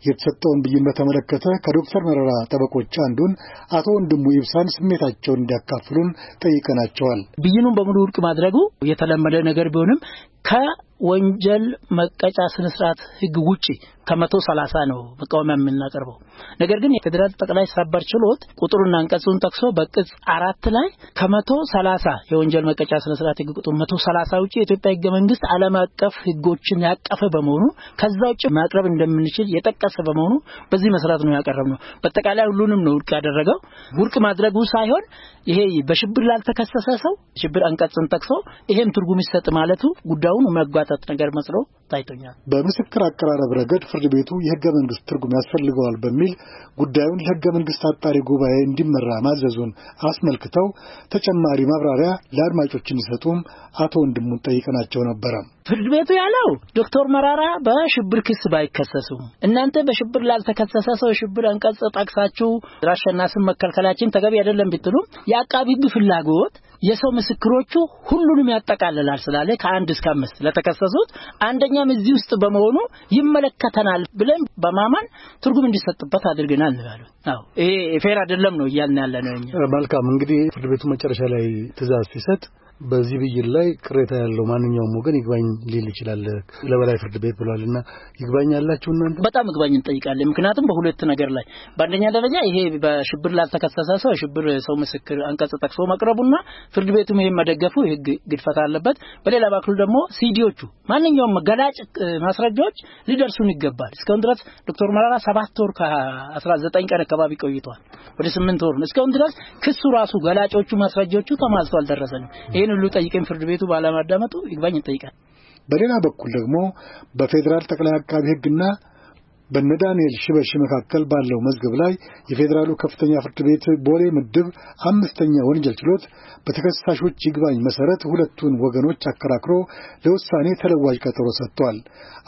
የተሰጠውን ብይን በተመለከተ ከዶክተር መረራ ጠበቆች አንዱን አቶ ወንድሙ ይብሳን ስሜታቸውን እንዲያካፍሉን ጠይቀናቸዋል። ብይኑን በሙሉ ውድቅ ማድረጉ የተለመደ ነገር ቢሆንም ከወንጀል መቀጫ ስነ ስርዓት ህግ ውጪ ከመቶ ሰላሳ ነው መቃወሚያ የምናቀርበው። ነገር ግን የፌዴራል ጠቅላይ ሰበር ችሎት ቁጥሩና አንቀጹን ጠቅሶ በቅጽ አራት ላይ ከመቶ ሰላሳ የወንጀል መቀጫ ስነ ስርዓት ህግ ቁጥሩ መቶ ሰላሳ ውጪ የኢትዮጵያ ህገ መንግስት ዓለም አቀፍ ህጎችን ያቀፈ በመሆኑ ከዛ ውጭ ማቅረብ እንደምንችል የጠቀ የተወቀሰ በመሆኑ በዚህ መሰረት ነው ያቀረብነው። በአጠቃላይ ሁሉንም ነው ውድቅ ያደረገው። ውድቅ ማድረጉ ሳይሆን ይሄ በሽብር ላልተከሰሰ ሰው ሽብር አንቀጽን ጠቅሶ ይሄም ትርጉም ይሰጥ ማለቱ ጉዳዩን መጓተት ነገር መስሎ ታይቶኛል። በምስክር አቀራረብ ረገድ ፍርድ ቤቱ የህገ መንግስት ትርጉም ያስፈልገዋል በሚል ጉዳዩን ለህገ መንግስት አጣሪ ጉባኤ እንዲመራ ማዘዙን አስመልክተው ተጨማሪ ማብራሪያ ለአድማጮች እንዲሰጡም አቶ ወንድሙን ጠይቀናቸው ነበረ። ፍርድ ቤቱ ያለው ዶክተር መራራ በሽብር ክስ ባይከሰሱ እናንተ በሽብር ላልተከሰሰ ሰው ሽብር አንቀጽ ጠቅሳችሁ አሸናፊን መከልከላችን ተገቢ አይደለም ቢትሉም የአቃቢ ሕግ ፍላጎት የሰው ምስክሮቹ ሁሉንም ያጠቃልላል ስላለ ከአንድ እስከ አምስት ለተከሰሱት አንደኛም እዚህ ውስጥ በመሆኑ ይመለከተናል ብለን በማማን ትርጉም እንዲሰጥበት አድርገናል ያሉት። አዎ ይሄ ፌር አይደለም ነው እያልን ያለ ነው። መልካም እንግዲህ ፍርድ ቤቱ መጨረሻ ላይ ትእዛዝ ሲሰጥ በዚህ ብይን ላይ ቅሬታ ያለው ማንኛውም ወገን ይግባኝ ሊል ይችላል ለበላይ ፍርድ ቤት ብሏል እና ይግባኝ ያላችሁ እናንተ በጣም ይግባኝ እንጠይቃለን ምክንያቱም በሁለት ነገር ላይ በአንደኛ ደረጃ ይሄ በሽብር ላልተከሰሰ ሰው የሽብር ሰው ምስክር አንቀጽ ጠቅሶ መቅረቡና ፍርድ ቤቱም ይሄን መደገፉ የህግ ግድፈት አለበት በሌላ በኩል ደግሞ ሲዲዎቹ ማንኛውም ገላጭ ማስረጃዎች ሊደርሱን ይገባል እስካሁን ድረስ ዶክተር መራራ ሰባት ወር ከአስራ ዘጠኝ ቀን አካባቢ ቆይተዋል። ወደ ስምንት ወር እስካሁን ድረስ ክሱ ራሱ ገላጮቹ ማስረጃዎቹ ተማዝቶ አልደረሰንም ይህን ሁሉ ጠይቀኝ ፍርድ ቤቱ ባለማዳመጡ ይግባኝ እንጠይቃል። በሌላ በኩል ደግሞ በፌዴራል ጠቅላይ አቃቢ ሕግና በነ ዳንኤል ሽበሺ መካከል ባለው መዝገብ ላይ የፌዴራሉ ከፍተኛ ፍርድ ቤት ቦሌ ምድብ አምስተኛ ወንጀል ችሎት በተከሳሾች ይግባኝ መሰረት ሁለቱን ወገኖች አከራክሮ ለውሳኔ ተለዋጅ ቀጠሮ ሰጥቷል።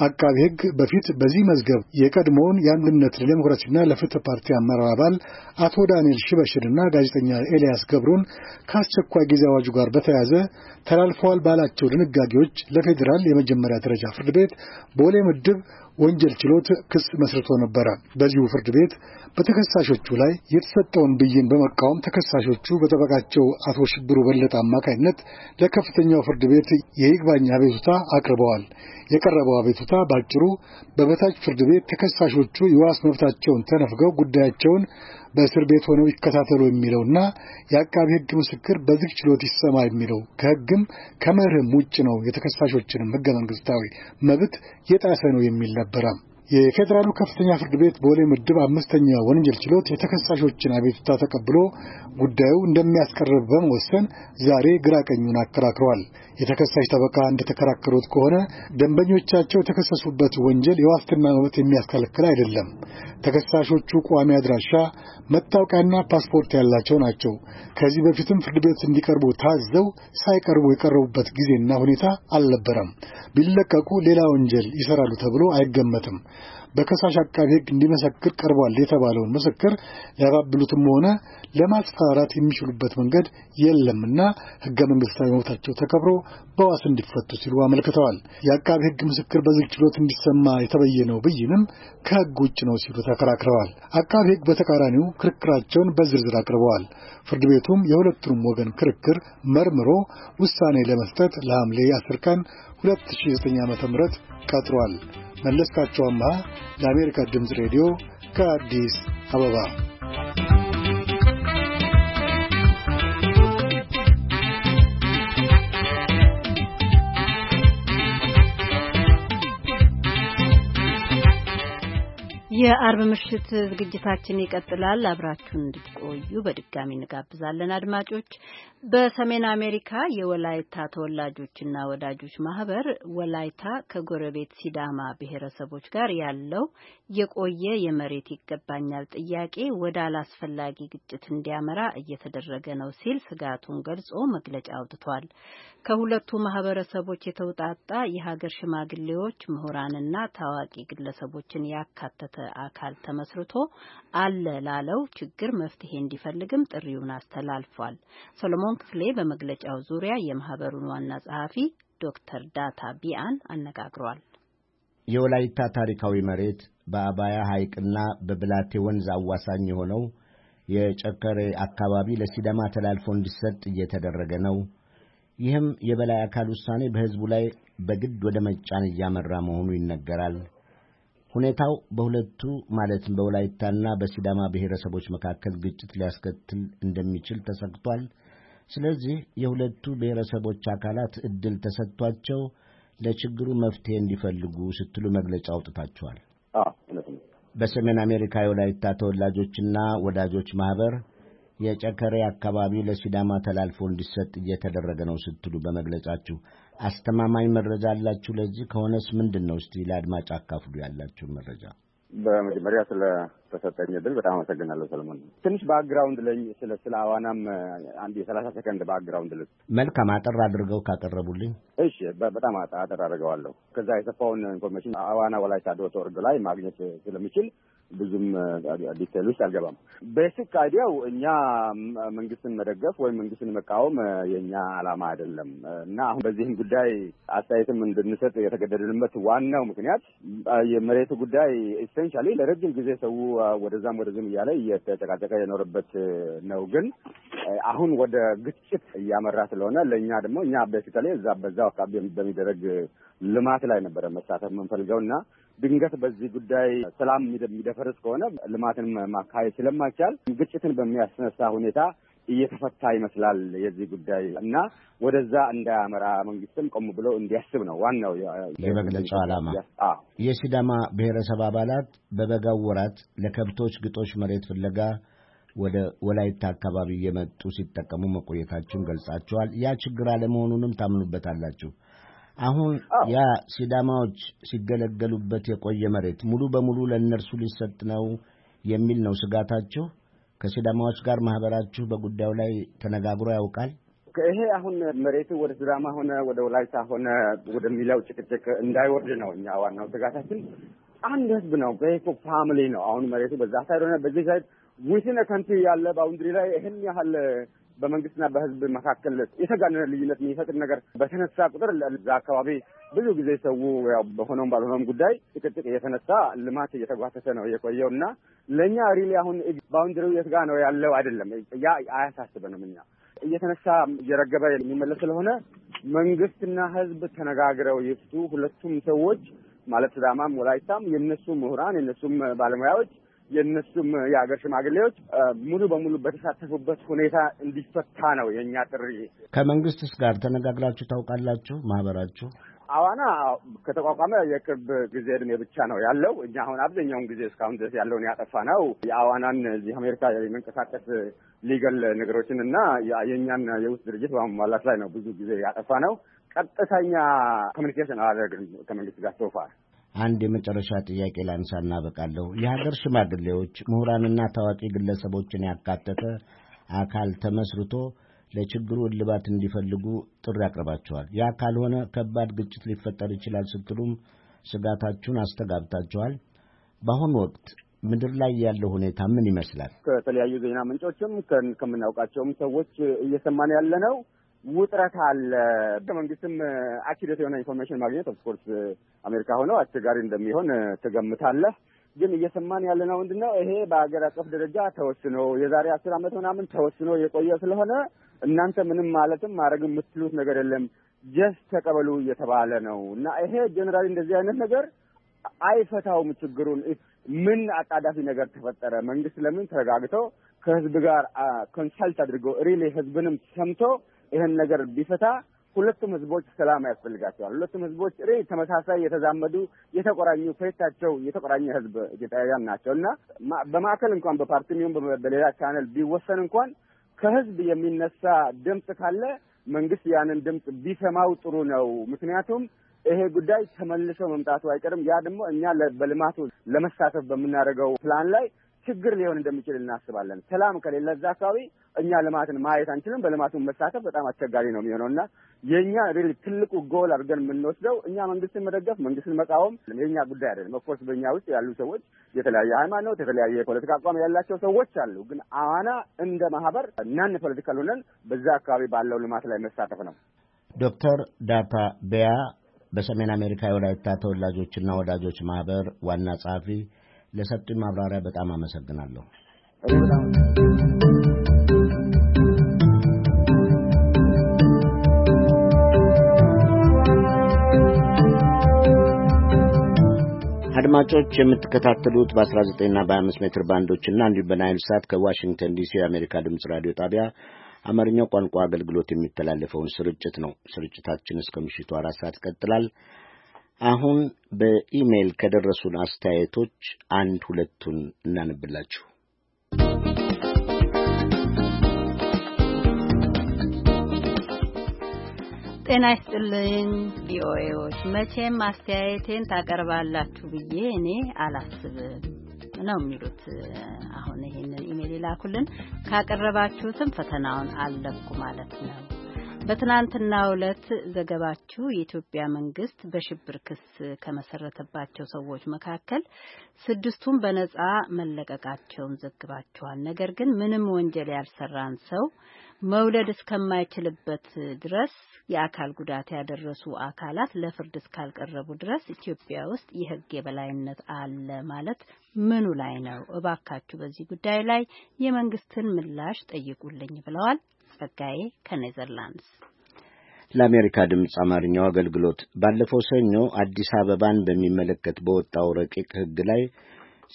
አቃቢ ሕግ በፊት በዚህ መዝገብ የቀድሞውን የአንድነት ለዲሞክራሲና ለፍትህ ፓርቲ አመራር አባል አቶ ዳንኤል ሽበሺንና ጋዜጠኛ ኤልያስ ገብሩን ከአስቸኳይ ጊዜ አዋጁ ጋር በተያያዘ ተላልፈዋል ባላቸው ድንጋጌዎች ለፌዴራል የመጀመሪያ ደረጃ ፍርድ ቤት ቦሌ ምድብ ወንጀል ችሎት ክስ መስርቶ ነበረ። በዚሁ ፍርድ ቤት በተከሳሾቹ ላይ የተሰጠውን ብይን በመቃወም ተከሳሾቹ በጠበቃቸው አቶ ሽብሩ በለጠ አማካኝነት ለከፍተኛው ፍርድ ቤት የይግባኝ አቤቱታ አቅርበዋል። የቀረበው አቤቱታ ባጭሩ በበታች ፍርድ ቤት ተከሳሾቹ የዋስ መብታቸውን ተነፍገው ጉዳያቸውን በእስር ቤት ሆነው ይከታተሉ የሚለውና የአቃቢ ሕግ ምስክር በዝግ ችሎት ይሰማ የሚለው ከሕግም ከመርህም ውጭ ነው የተከሳሾችንም ሕገ መንግስታዊ መብት የጣሰ ነው የሚል ነበረም። የፌዴራሉ ከፍተኛ ፍርድ ቤት ቦሌ ምድብ አምስተኛ ወንጀል ችሎት የተከሳሾችን አቤቱታ ተቀብሎ ጉዳዩ እንደሚያስቀርብ በመወሰን ዛሬ ግራቀኙን አከራክሯል። የተከሳሽ ጠበቃ እንደተከራከሩት ከሆነ ደንበኞቻቸው የተከሰሱበት ወንጀል የዋስትና መብት የሚያስከለክል አይደለም። ተከሳሾቹ ቋሚ አድራሻ፣ መታወቂያና ፓስፖርት ያላቸው ናቸው። ከዚህ በፊትም ፍርድ ቤት እንዲቀርቡ ታዘው ሳይቀርቡ የቀረቡበት ጊዜና ሁኔታ አልነበረም። ቢለቀቁ ሌላ ወንጀል ይሰራሉ ተብሎ አይገመትም። በከሳሽ አቃቢ ሕግ እንዲመሰክር ቀርቧል የተባለውን ምስክር ሊያባብሉትም ሆነ ለማስፈራራት የሚችሉበት መንገድ የለምና ሕገ መንግስታዊ መብታቸው ተከብሮ በዋስ እንዲፈቱ ሲሉ አመልክተዋል። የአቃቢ ሕግ ምስክር በዝግ ችሎት እንዲሰማ የተበየነው ብይንም ከሕግ ውጭ ነው ሲሉ ተከራክረዋል። አቃቢ ሕግ በተቃራኒው ክርክራቸውን በዝርዝር አቅርበዋል። ፍርድ ቤቱም የሁለቱንም ወገን ክርክር መርምሮ ውሳኔ ለመስጠት ለሐምሌ 10 ቀን 2009 ዓ.ም ቀጥሯል። መለስካቸው ለአሜሪካ ድምፅ ሬዲዮ ከአዲስ አበባ የአርብ ምሽት ዝግጅታችን ይቀጥላል። አብራችሁን እንድትቆዩ በድጋሚ እንጋብዛለን። አድማጮች፣ በሰሜን አሜሪካ የወላይታ ተወላጆችና ወዳጆች ማህበር ወላይታ ከጎረቤት ሲዳማ ብሔረሰቦች ጋር ያለው የቆየ የመሬት ይገባኛል ጥያቄ ወደ አላስፈላጊ ግጭት እንዲያመራ እየተደረገ ነው ሲል ስጋቱን ገልጾ መግለጫ አውጥቷል። ከሁለቱ ማህበረሰቦች የተውጣጣ የሀገር ሽማግሌዎች፣ ምሁራንና ታዋቂ ግለሰቦችን ያካተተ አካል ተመስርቶ አለ ላለው ችግር መፍትሄ እንዲፈልግም ጥሪውን አስተላልፏል። ሰሎሞን ክፍሌ በመግለጫው ዙሪያ የማህበሩን ዋና ጸሐፊ ዶክተር ዳታ ቢአን አነጋግሯል። የወላይታ ታሪካዊ መሬት በአባያ ሐይቅና በብላቴ ወንዝ አዋሳኝ የሆነው የጨከሬ አካባቢ ለሲዳማ ተላልፎ እንዲሰጥ እየተደረገ ነው። ይህም የበላይ አካል ውሳኔ በሕዝቡ ላይ በግድ ወደ መጫን እያመራ መሆኑ ይነገራል። ሁኔታው በሁለቱ ማለትም በወላይታና በሲዳማ ብሔረሰቦች መካከል ግጭት ሊያስከትል እንደሚችል ተሰግቷል። ስለዚህ የሁለቱ ብሔረሰቦች አካላት ዕድል ተሰጥቷቸው ለችግሩ መፍትሄ እንዲፈልጉ ስትሉ መግለጫ አውጥታችኋል። በሰሜን አሜሪካ የወላይታ ተወላጆችና ወዳጆች ማኅበር የጨከሬ አካባቢ ለሲዳማ ተላልፎ እንዲሰጥ እየተደረገ ነው ስትሉ በመግለጫችሁ አስተማማኝ መረጃ አላችሁ ለዚህ ከሆነስ ምንድን ነው? እስቲ ለአድማጭ አካፍሉ ያላችሁ መረጃ። በመጀመሪያ ስለተሰጠኝ ዕድል በጣም አመሰግናለሁ ሰለሞን። ትንሽ ባክግራውንድ ለኝ ስለ ስለ አዋናም አንድ የሰላሳ ሰከንድ ባክግራውንድ ልስ መልካም አጠር አድርገው ካቀረቡልኝ። እሺ በጣም አጠር አድርገዋለሁ። ከዛ የሰፋውን ኢንፎርሜሽን አዋና ወላይታ ዶት ኦርግ ላይ ማግኘት ስለሚችል ብዙም ዲቴል ውስጥ አልገባም። ቤሲክ አይዲያው እኛ መንግስትን መደገፍ ወይም መንግስትን መቃወም የእኛ አላማ አይደለም እና አሁን በዚህም ጉዳይ አስተያየትም እንድንሰጥ የተገደድንበት ዋናው ምክንያት የመሬቱ ጉዳይ ኢሴንሻሊ ለረጅም ጊዜ ሰው ወደዛም ወደዚህም እያለ እየተጨቃጨቀ የኖረበት ነው። ግን አሁን ወደ ግጭት እያመራ ስለሆነ ለእኛ ደግሞ እኛ ቤሲካሊ እዛ በዛው አካባቢ በሚደረግ ልማት ላይ ነበረ መሳተፍ የምንፈልገው እና ድንገት በዚህ ጉዳይ ሰላም የሚደፈርስ ከሆነ ልማትን ማካሄድ ስለማይቻል ግጭትን በሚያስነሳ ሁኔታ እየተፈታ ይመስላል የዚህ ጉዳይ እና ወደዛ እንዳያመራ መንግስትም ቆም ብሎ እንዲያስብ ነው ዋናው የመግለጫው ዓላማ። የሲዳማ ብሔረሰብ አባላት በበጋው ወራት ለከብቶች ግጦሽ መሬት ፍለጋ ወደ ወላይታ አካባቢ እየመጡ ሲጠቀሙ መቆየታችሁን ገልጻችኋል። ያ ችግር አለመሆኑንም ታምኑበታላችሁ። አሁን ያ ሲዳማዎች ሲገለገሉበት የቆየ መሬት ሙሉ በሙሉ ለእነርሱ ሊሰጥ ነው የሚል ነው ስጋታችሁ። ከሲዳማዎች ጋር ማህበራችሁ በጉዳዩ ላይ ተነጋግሮ ያውቃል? ይሄ አሁን መሬቱ ወደ ሲዳማ ሆነ ወደ ወላይታ ሆነ ወደሚለው ጭቅጭቅ እንዳይወርድ ነው እኛ ዋናው ስጋታችን። አንድ ህዝብ ነው፣ በኢኮ ፋሚሊ ነው። አሁን መሬቱ በዛ ሳይድ ሆነ በዚህ ሳይድ ዊትን ከንቲ ያለ ባውንድሪ ላይ ይህን ያህል በመንግስትና በህዝብ መካከል የተጋነነ ልዩነት የሚፈጥር ነገር በተነሳ ቁጥር እዛ አካባቢ ብዙ ጊዜ ሰው ያው በሆነውም ባልሆነውም ጉዳይ ጭቅጭቅ እየተነሳ ልማት እየተጓተተ ነው የቆየው እና ለእኛ ሪሊ አሁን ባውንድሪው የት ጋ ነው ያለው አይደለም። ያ አያሳስበንም። እኛ እየተነሳ እየረገበ የሚመለስ ስለሆነ መንግስትና ህዝብ ተነጋግረው ይፍቱ። ሁለቱም ሰዎች ማለት ስዳማም ወላይታም የእነሱ ምሁራን የእነሱም ባለሙያዎች የእነሱም የሀገር ሽማግሌዎች ሙሉ በሙሉ በተሳተፉበት ሁኔታ እንዲፈታ ነው የእኛ ጥሪ። ከመንግስትስ ጋር ተነጋግራችሁ ታውቃላችሁ? ማህበራችሁ አዋና ከተቋቋመ የቅርብ ጊዜ እድሜ ብቻ ነው ያለው። እኛ አሁን አብዛኛውን ጊዜ እስካሁን ድረስ ያለውን ያጠፋ ነው የአዋናን እዚህ አሜሪካ የመንቀሳቀስ ሊገል ነገሮችን እና የእኛን የውስጥ ድርጅት በማሟላት ላይ ነው ብዙ ጊዜ ያጠፋ ነው። ቀጥተኛ ኮሚኒኬሽን አላደረግም ከመንግስት ጋር ሶፋ አንድ የመጨረሻ ጥያቄ ላንሳ እናበቃለሁ። የሀገር ሽማግሌዎች ምሁራንና ታዋቂ ግለሰቦችን ያካተተ አካል ተመስርቶ ለችግሩ እልባት እንዲፈልጉ ጥሪ አቅርባቸዋል። ያ ካልሆነ ከባድ ግጭት ሊፈጠር ይችላል ስትሉም ስጋታችሁን አስተጋብታቸዋል። በአሁኑ ወቅት ምድር ላይ ያለው ሁኔታ ምን ይመስላል? ከተለያዩ ዜና ምንጮችም ከምናውቃቸውም ሰዎች እየሰማን ያለ ነው ውጥረት አለ። ከመንግስትም አኪደት የሆነ ኢንፎርሜሽን ማግኘት ኦፍኮርስ አሜሪካ ሆነው አስቸጋሪ እንደሚሆን ትገምታለህ። ግን እየሰማን ያለ ነው ምንድን ነው ይሄ በሀገር አቀፍ ደረጃ ተወስኖ የዛሬ አስር ዓመት ምናምን ተወስኖ የቆየ ስለሆነ እናንተ ምንም ማለትም ማድረግ የምትሉት ነገር የለም ጀስ ተቀበሉ እየተባለ ነው እና ይሄ ጀኔራል እንደዚህ አይነት ነገር አይፈታውም ችግሩን። ምን አጣዳፊ ነገር ተፈጠረ? መንግስት ለምን ተረጋግተው ከህዝብ ጋር ኮንሳልት አድርገው ሪሊ ህዝብንም ሰምቶ ይህን ነገር ቢፈታ ሁለቱም ህዝቦች ሰላም ያስፈልጋቸዋል። ሁለቱም ህዝቦች ሬ ተመሳሳይ የተዛመዱ የተቆራኙ ከየታቸው የተቆራኘ ህዝብ ኢትዮጵያውያን ናቸው እና በማዕከል እንኳን በፓርቲ ሚሆን በሌላ ቻነል ቢወሰን እንኳን ከህዝብ የሚነሳ ድምፅ ካለ መንግስት ያንን ድምፅ ቢሰማው ጥሩ ነው። ምክንያቱም ይሄ ጉዳይ ተመልሶ መምጣቱ አይቀርም። ያ ደግሞ እኛ በልማቱ ለመሳተፍ በምናደርገው ፕላን ላይ ችግር ሊሆን እንደሚችል እናስባለን። ሰላም ከሌለ እዛ አካባቢ እኛ ልማትን ማየት አንችልም። በልማቱን መሳተፍ በጣም አስቸጋሪ ነው የሚሆነው እና የእኛ ትልቁ ጎል አድርገን የምንወስደው እኛ መንግስትን መደገፍ፣ መንግስትን መቃወም የእኛ ጉዳይ አይደለም። ኦፍኮርስ በእኛ ውስጥ ያሉ ሰዎች የተለያየ ሃይማኖት፣ የተለያየ የፖለቲካ አቋም ያላቸው ሰዎች አሉ። ግን አዋና እንደ ማህበር እናን ፖለቲካል ሆነን በዛ አካባቢ ባለው ልማት ላይ መሳተፍ ነው። ዶክተር ዳታ ቢያ በሰሜን አሜሪካ የወላይታ ተወላጆችና ወዳጆች ማህበር ዋና ጸሐፊ ለሰጡኝ ማብራሪያ በጣም አመሰግናለሁ። አድማጮች የምትከታተሉት በ19 እና በ25 ሜትር ባንዶችና እንዲሁም በናይል ሳት ከዋሽንግተን ዲሲ የአሜሪካ ድምፅ ራዲዮ ጣቢያ አማርኛው ቋንቋ አገልግሎት የሚተላለፈውን ስርጭት ነው። ስርጭታችን እስከ ምሽቱ አራት ሰዓት ይቀጥላል። አሁን በኢሜይል ከደረሱን አስተያየቶች አንድ ሁለቱን እናነብላችሁ። ጤና ይስጥልኝ ቪኦኤዎች፣ መቼም አስተያየቴን ታቀርባላችሁ ብዬ እኔ አላስብም ነው የሚሉት። አሁን ይህንን ኢሜይል ይላኩልን። ካቀረባችሁትም ፈተናውን አለፍኩ ማለት ነው በትናንትና ዕለት ዘገባችሁ የኢትዮጵያ መንግስት በሽብር ክስ ከመሰረተባቸው ሰዎች መካከል ስድስቱን በነጻ መለቀቃቸውን ዘግባችኋል። ነገር ግን ምንም ወንጀል ያልሰራን ሰው መውለድ እስከማይችልበት ድረስ የአካል ጉዳት ያደረሱ አካላት ለፍርድ እስካልቀረቡ ድረስ ኢትዮጵያ ውስጥ የሕግ የበላይነት አለ ማለት ምኑ ላይ ነው? እባካችሁ በዚህ ጉዳይ ላይ የመንግስትን ምላሽ ጠይቁልኝ ብለዋል። ጸጋዬ ከኔዘርላንድስ ለአሜሪካ ድምፅ አማርኛው አገልግሎት ባለፈው ሰኞ አዲስ አበባን በሚመለከት በወጣው ረቂቅ ሕግ ላይ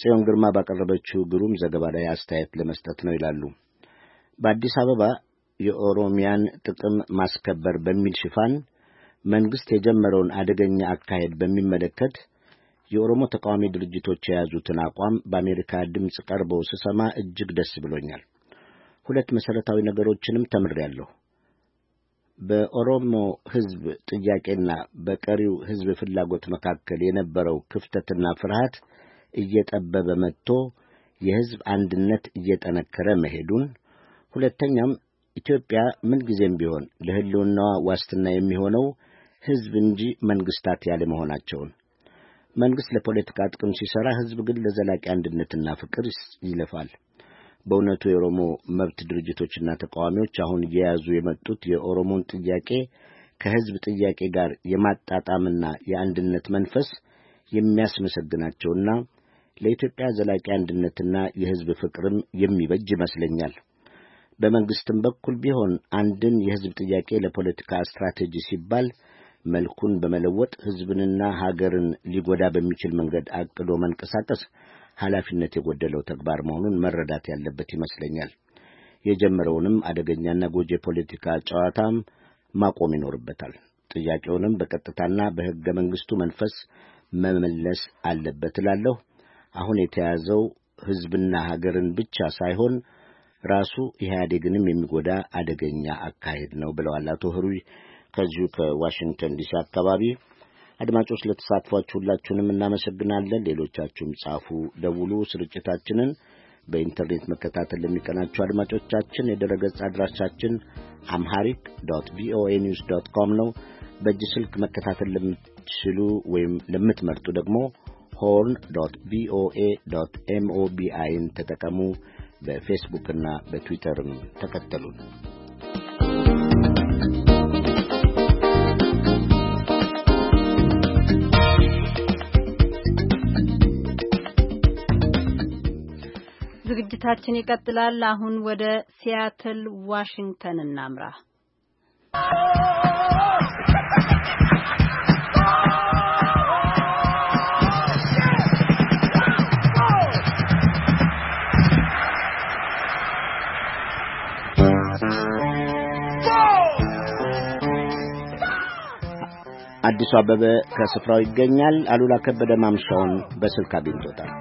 ጽዮን ግርማ ባቀረበችው ግሩም ዘገባ ላይ አስተያየት ለመስጠት ነው ይላሉ። በአዲስ አበባ የኦሮሚያን ጥቅም ማስከበር በሚል ሽፋን መንግሥት የጀመረውን አደገኛ አካሄድ በሚመለከት የኦሮሞ ተቃዋሚ ድርጅቶች የያዙትን አቋም በአሜሪካ ድምፅ ቀርበው ስሰማ እጅግ ደስ ብሎኛል። ሁለት መሠረታዊ ነገሮችንም ተምሬያለሁ። በኦሮሞ ሕዝብ ጥያቄና በቀሪው ሕዝብ ፍላጎት መካከል የነበረው ክፍተትና ፍርሃት እየጠበበ መጥቶ የሕዝብ አንድነት እየጠነከረ መሄዱን፣ ሁለተኛም ኢትዮጵያ ምንጊዜም ቢሆን ለሕልውናዋ ዋስትና የሚሆነው ሕዝብ እንጂ መንግሥታት ያለ መሆናቸውን መንግሥት ለፖለቲካ ጥቅም ሲሠራ፣ ሕዝብ ግን ለዘላቂ አንድነትና ፍቅር ይለፋል። በእውነቱ የኦሮሞ መብት ድርጅቶችና ተቃዋሚዎች አሁን እየያዙ የመጡት የኦሮሞን ጥያቄ ከሕዝብ ጥያቄ ጋር የማጣጣምና የአንድነት መንፈስ የሚያስመሰግናቸውና ለኢትዮጵያ ዘላቂ አንድነትና የሕዝብ ፍቅርም የሚበጅ ይመስለኛል። በመንግሥትም በኩል ቢሆን አንድን የሕዝብ ጥያቄ ለፖለቲካ ስትራቴጂ ሲባል መልኩን በመለወጥ ሕዝብንና ሀገርን ሊጎዳ በሚችል መንገድ አቅዶ መንቀሳቀስ ኃላፊነት የጎደለው ተግባር መሆኑን መረዳት ያለበት ይመስለኛል። የጀመረውንም አደገኛና ጎጂ የፖለቲካ ጨዋታም ማቆም ይኖርበታል። ጥያቄውንም በቀጥታና በሕገ መንግሥቱ መንፈስ መመለስ አለበት እላለሁ። አሁን የተያዘው ሕዝብና ሀገርን ብቻ ሳይሆን ራሱ ኢህአዴግንም የሚጎዳ አደገኛ አካሄድ ነው ብለዋል አቶ ህሩይ ከዚሁ ከዋሽንግተን ዲሲ አካባቢ አድማጮች ለተሳትፏችሁ ሁላችሁንም እናመሰግናለን። ሌሎቻችሁም ጻፉ፣ ደውሉ። ስርጭታችንን በኢንተርኔት መከታተል ለሚቀናችሁ አድማጮቻችን የድረገጽ አድራሻችን አምሃሪክ ዶት ቪኦኤ ኒውስ ዶት ኮም ነው። በእጅ ስልክ መከታተል ለምትችሉ ወይም ለምትመርጡ ደግሞ ሆርን ዶት ቪኦኤ ዶት ኤምኦቢአይን ተጠቀሙ። በፌስቡክና በትዊተርም ተከተሉን። ዝግጅታችን ይቀጥላል። አሁን ወደ ሲያትል ዋሽንግተን እናምራ። አዲሱ አበበ ከስፍራው ይገኛል። አሉላ ከበደ ማምሻውን በስልክ አግኝቶታል።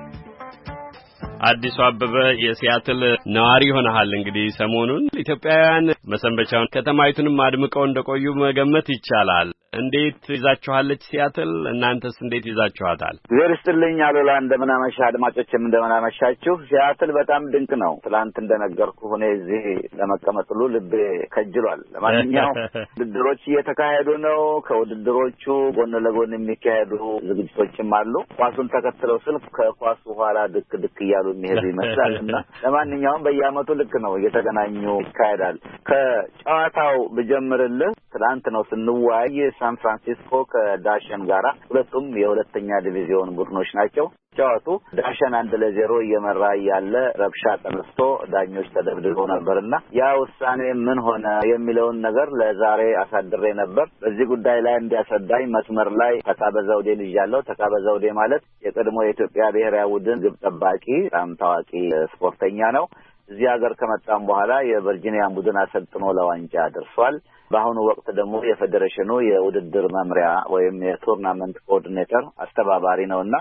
አዲሱ አበበ የሲያትል ነዋሪ ይሆናል። እንግዲህ ሰሞኑን ኢትዮጵያውያን መሰንበቻውን ከተማይቱንም አድምቀው እንደቆዩ መገመት ይቻላል። እንዴት ይዛችኋለች ሲያትል? እናንተስ እንዴት ይዛችኋታል? እግዜር ይስጥልኝ አሉላ፣ እንደምናመሻ አድማጮችም እንደምናመሻችሁ። ሲያትል በጣም ድንቅ ነው። ትላንት እንደነገርኩ እኔ እዚህ ለመቀመጥ ሁሉ ልቤ ከጅሏል። ለማንኛው *laughs* ውድድሮች እየተካሄዱ ነው። ከውድድሮቹ ጎን ለጎን የሚካሄዱ ዝግጅቶችም አሉ። ኳሱን ተከትለው ስልክ ከኳሱ ኋላ ድክ ድክ እያሉ የሚሄዱ ይመስላል እና ለማንኛውም በየአመቱ ልክ ነው እየተገናኙ ይካሄዳል። ከጨዋታው ብጀምርልህ ትላንት ነው ስንዋይ። ሳን ፍራንሲስኮ ከዳሸን ጋራ ሁለቱም የሁለተኛ ዲቪዚዮን ቡድኖች ናቸው። ጨዋቱ ዳሸን አንድ ለዜሮ እየመራ እያለ ረብሻ ተነስቶ ዳኞች ተደብድበው ነበርና ያ ውሳኔ ምን ሆነ የሚለውን ነገር ለዛሬ አሳድሬ ነበር። በዚህ ጉዳይ ላይ እንዲያስረዳኝ መስመር ላይ ተካበ ዘውዴ ያለው ተካበ ዘውዴ ማለት የቀድሞ የኢትዮጵያ ብሔራዊ ቡድን ግብ ጠባቂ በጣም ታዋቂ ስፖርተኛ ነው። እዚህ ሀገር ከመጣም በኋላ የቨርጂኒያን ቡድን አሰልጥኖ ለዋንጫ ደርሷል። በአሁኑ ወቅት ደግሞ የፌዴሬሽኑ የውድድር መምሪያ ወይም የቱርናመንት ኮኦርዲኔተር አስተባባሪ ነው እና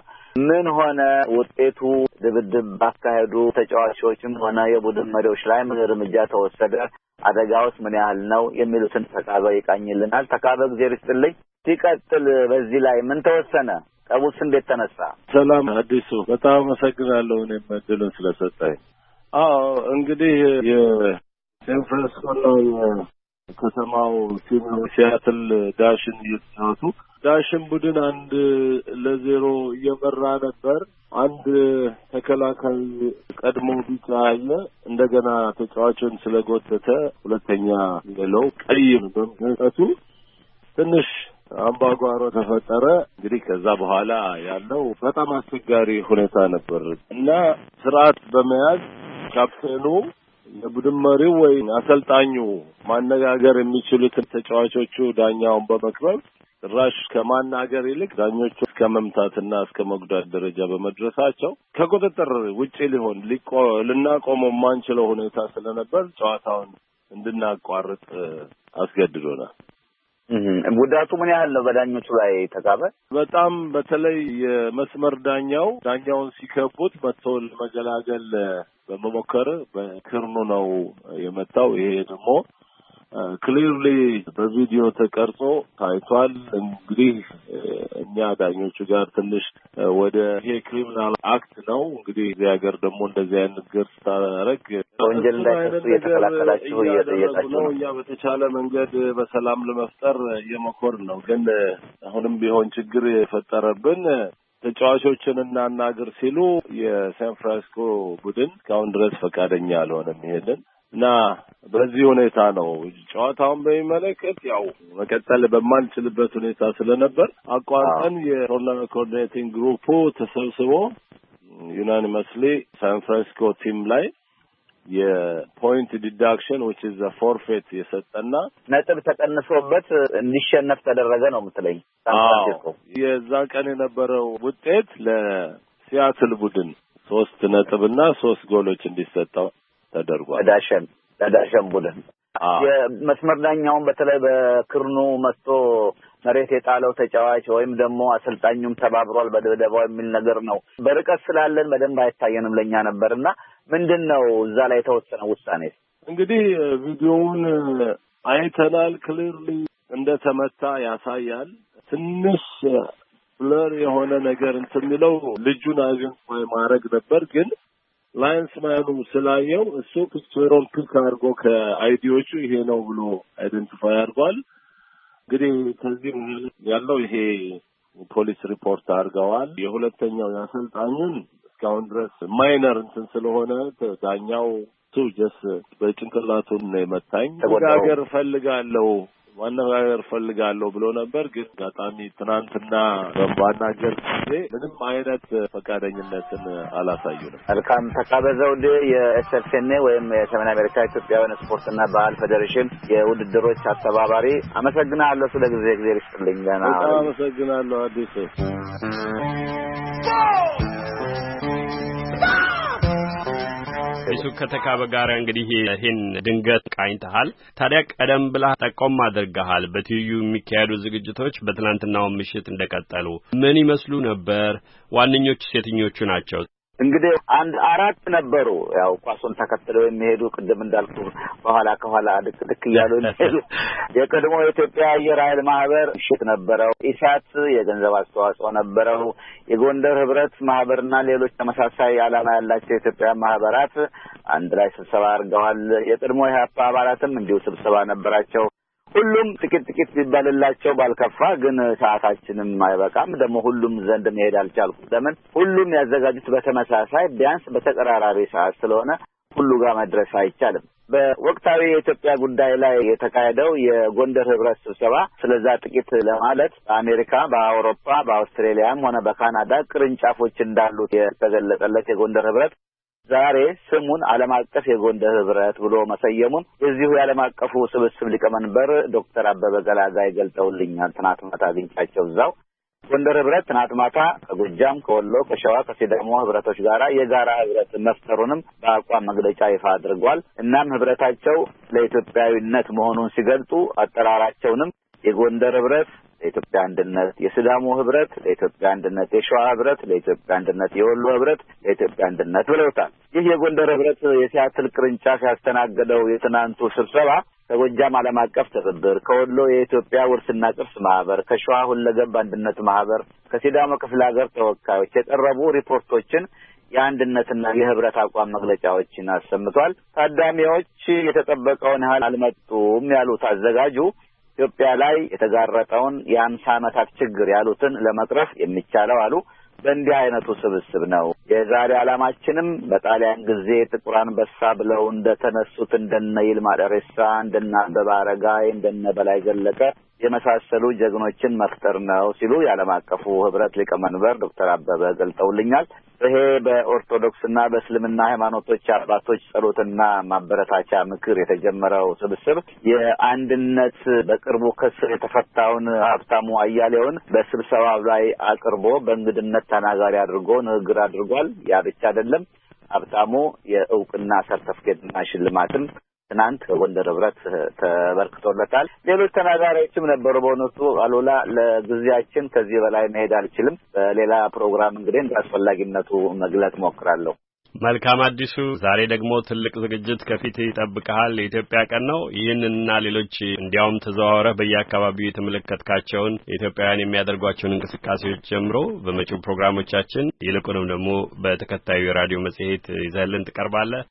ምን ሆነ ውጤቱ? ድብድብ ባካሄዱ ተጫዋቾችም ሆነ የቡድን መሪዎች ላይ ምን እርምጃ ተወሰደ? አደጋውስ ምን ያህል ነው የሚሉትን ተካበ ይቃኝልናል። ተካበ እግዜር ይስጥልኝ። ሲቀጥል በዚህ ላይ ምን ተወሰነ? ቀውስ እንዴት ተነሳ? ሰላም አዲሱ፣ በጣም አመሰግናለሁ እኔም እድሉን ስለሰጠኝ። አዎ እንግዲህ የሳን ፍራንሲስኮና ከተማው ቲም ሲያትል ዳሽን እየተጫወቱ ዳሽን ቡድን አንድ ለዜሮ እየመራ ነበር። አንድ ተከላካይ ቀድሞ ቢጫ አለ እንደገና ተጫዋቹን ስለጎተተ ሁለተኛ ሌለው ቀይም በመሰጠቱ ትንሽ አምባጓሮ ተፈጠረ። እንግዲህ ከዛ በኋላ ያለው በጣም አስቸጋሪ ሁኔታ ነበር እና ስርዓት በመያዝ ካፕቴኑ የቡድን መሪው ወይ አሰልጣኙ ማነጋገር የሚችሉትን ተጫዋቾቹ ዳኛውን በመቅረብ ራሽ ከማናገር ይልቅ ዳኞቹ እስከ መምታትና እስከ መጉዳት ደረጃ በመድረሳቸው ከቁጥጥር ውጪ ሊሆን ልናቆመው የማንችለው ሁኔታ ስለነበር ጨዋታውን እንድናቋርጥ አስገድዶናል። ጉዳቱ ምን ያህል ነው? በዳኞቹ ላይ ተጻፈ? በጣም በተለይ የመስመር ዳኛው ዳኛውን ሲከቡት መጥቶ ለመገላገል በመሞከር በክርኑ ነው የመታው። ይሄ ደግሞ ክሊርሊ በቪዲዮ ተቀርጾ ታይቷል። እንግዲህ እኛ ዳኞቹ ጋር ትንሽ ወደ ይሄ ክሪሚናል አክት ነው እንግዲህ እዚህ ሀገር ደግሞ እንደዚህ አይነት ነገር ስታደርግ ወንጀል ላይ እየተከላከላችሁ እየጠየቃችሁ ነው። እኛ በተቻለ መንገድ በሰላም ለመፍጠር እየመኮር ነው። ግን አሁንም ቢሆን ችግር የፈጠረብን ተጫዋቾችን እናናግር ሲሉ የሳን ፍራንሲስኮ ቡድን እስካሁን ድረስ ፈቃደኛ አልሆነም። ይሄንን እና በዚህ ሁኔታ ነው ጨዋታውን በሚመለከት ያው መቀጠል በማንችልበት ሁኔታ ስለነበር አቋርጠን የቶርናመንት ኮኦርዲኔቲንግ ግሩፑ ተሰብስቦ ዩናኒመስሊ ሳን ፍራንሲስኮ ቲም ላይ የፖይንት ዲዳክሽን ዊች ዘ ፎርፌት የሰጠና ነጥብ ተቀንሶበት እንዲሸነፍ ተደረገ ነው የምትለኝ? የዛ ቀን የነበረው ውጤት ለሲያትል ቡድን ሶስት ነጥብና ሶስት ጎሎች እንዲሰጠው ተደርጓል። ዳሸን ዳሸን ቡድን የመስመር ዳኛውን በተለይ በክርኑ መጥቶ መሬት የጣለው ተጫዋች ወይም ደግሞ አሰልጣኙም ተባብሯል በድብደባው የሚል ነገር ነው። በርቀት ስላለን በደንብ አይታየንም ለእኛ ነበር እና ምንድን ነው እዛ ላይ የተወሰነ ውሳኔ እንግዲህ ቪዲዮውን አይተናል። ክሊርሊ እንደተመታ ያሳያል። ትንሽ ብለር የሆነ ነገር እንትን የሚለው ልጁን አግኝቶ ማድረግ ነበር ግን ላይንስ ማኑ ስላየው እሱ ፒክቸሮን ክልክ አድርጎ ከአይዲዎቹ ይሄ ነው ብሎ አይደንቲፋይ አድርጓል። እንግዲህ ከዚህ በኋላ ያለው ይሄ ፖሊስ ሪፖርት አድርገዋል። የሁለተኛው የአሰልጣኙን እስካሁን ድረስ ማይነር እንትን ስለሆነ ዳኛው ቱ ጀስ በጭንቅላቱን ነው የመታኝ ሀገር እፈልጋለሁ ማነጋገር ፈልጋለሁ ብሎ ነበር። ግን አጋጣሚ ትናንትና በማናገር ጊዜ ምንም አይነት ፈቃደኝነትን አላሳዩንም። መልካም ተካበ ዘውዴ የኤስኤፍሴኔ ወይም የሰሜን አሜሪካ ኢትዮጵያውያን ስፖርትና ባህል ፌዴሬሽን የውድድሮች አስተባባሪ አመሰግናለሁ። ስለ ጊዜ ጊዜ ልስጥልኝ። ገና አመሰግናለሁ አዲስ Go! Go! እሱ ከተካበ ጋር እንግዲህ ይህን ድንገት ቃኝተሃል። ታዲያ ቀደም ብለህ ጠቆም አድርገሃል። በትይዩ የሚካሄዱ ዝግጅቶች በትናንትናው ምሽት እንደቀጠሉ ምን ይመስሉ ነበር? ዋነኞቹ ሴትኞቹ ናቸው? እንግዲህ አንድ አራት ነበሩ። ያው ኳሱን ተከትለው የሚሄዱ ቅድም እንዳልኩ በኋላ ከኋላ ድክ ድክ እያሉ የሚሄዱ *laughs* የቀድሞ የኢትዮጵያ አየር ኃይል ማህበር ምሽት ነበረው። ኢሳት የገንዘብ አስተዋጽኦ ነበረው። የጎንደር ህብረት ማህበርና ሌሎች ተመሳሳይ ዓላማ ያላቸው የኢትዮጵያ ማህበራት አንድ ላይ ስብሰባ አድርገዋል። የቀድሞ የሀፓ አባላትም እንዲሁ ስብሰባ ነበራቸው። ሁሉም ጥቂት ጥቂት ቢባልላቸው ባልከፋ፣ ግን ሰዓታችንም አይበቃም። ደግሞ ሁሉም ዘንድ መሄድ አልቻልኩም። ለምን ሁሉም ያዘጋጁት በተመሳሳይ ቢያንስ በተቀራራቢ ሰዓት ስለሆነ ሁሉ ጋር መድረስ አይቻልም። በወቅታዊ የኢትዮጵያ ጉዳይ ላይ የተካሄደው የጎንደር ህብረት ስብሰባ ስለዛ ጥቂት ለማለት በአሜሪካ፣ በአውሮፓ፣ በአውስትሬሊያም ሆነ በካናዳ ቅርንጫፎች እንዳሉት የተገለጸለት የጎንደር ህብረት ዛሬ ስሙን ዓለም አቀፍ የጎንደር ህብረት ብሎ መሰየሙን እዚሁ የዓለም አቀፉ ስብስብ ሊቀመንበር ዶክተር አበበ ገላጋይ ይገልጠውልኛል ትናት ማታ አግኝቻቸው እዛው ጎንደር ህብረት ትናት ማታ ከጎጃም፣ ከወሎ፣ ከሸዋ፣ ከሲዳሞ ህብረቶች ጋራ የጋራ ህብረት መፍጠሩንም በአቋም መግለጫ ይፋ አድርጓል። እናም ህብረታቸው ለኢትዮጵያዊነት መሆኑን ሲገልጡ አጠራራቸውንም የጎንደር ህብረት ለኢትዮጵያ አንድነት የሲዳሞ ህብረት፣ ለኢትዮጵያ አንድነት የሸዋ ህብረት፣ ለኢትዮጵያ አንድነት የወሎ ህብረት፣ ለኢትዮጵያ አንድነት ብለውታል። ይህ የጎንደር ህብረት የሲያትል ቅርንጫፍ ያስተናገደው የትናንቱ ስብሰባ ከጎጃም ዓለም አቀፍ ትብብር፣ ከወሎ የኢትዮጵያ ውርስና ቅርስ ማህበር፣ ከሸዋ ሁለገብ አንድነት ማህበር፣ ከሲዳሞ ክፍለ ሀገር ተወካዮች የቀረቡ ሪፖርቶችን የአንድነትና የህብረት አቋም መግለጫዎችን አሰምቷል። ታዳሚዎች የተጠበቀውን ያህል አልመጡም ያሉት አዘጋጁ ኢትዮጵያ ላይ የተጋረጠውን የአምሳ ዓመታት ችግር ያሉትን ለመቅረፍ የሚቻለው አሉ በእንዲህ አይነቱ ስብስብ ነው። የዛሬ ዓላማችንም በጣሊያን ጊዜ ጥቁር አንበሳ ብለው እንደተነሱት እንደነ ይልማ ደሬሳ፣ እንደነ አበበ አረጋይ፣ እንደነ በላይ ዘለቀ የመሳሰሉ ጀግኖችን መፍጠር ነው ሲሉ የዓለም አቀፉ ህብረት ሊቀመንበር ዶክተር አበበ ገልጠውልኛል። ይሄ በኦርቶዶክስና በእስልምና ሃይማኖቶች አባቶች ጸሎትና ማበረታቻ ምክር የተጀመረው ስብስብ የአንድነት በቅርቡ ከስር የተፈታውን ሀብታሙ አያሌውን በስብሰባው ላይ አቅርቦ በእንግድነት ተናጋሪ አድርጎ ንግግር አድርጓል። ያ ብቻ አይደለም። ሀብታሙ የእውቅና ሰርተፍኬትና ሽልማትም ትናንት ጎንደር ህብረት ተበርክቶለታል። ሌሎች ተናጋሪዎችም ነበሩ። በእውነቱ አሉላ ለጊዜያችን ከዚህ በላይ መሄድ አልችልም። በሌላ ፕሮግራም እንግዲህ እንደ አስፈላጊነቱ መግለጥ ሞክራለሁ። መልካም አዲሱ፣ ዛሬ ደግሞ ትልቅ ዝግጅት ከፊት ይጠብቀሃል። የኢትዮጵያ ቀን ነው። ይህንንና ሌሎች እንዲያውም ተዘዋውረህ በየአካባቢው የተመለከትካቸውን ኢትዮጵያውያን የሚያደርጓቸውን እንቅስቃሴዎች ጀምሮ በመጪው ፕሮግራሞቻችን ይልቁንም ደግሞ በተከታዩ የራዲዮ መጽሔት ይዘህልን ትቀርባለህ።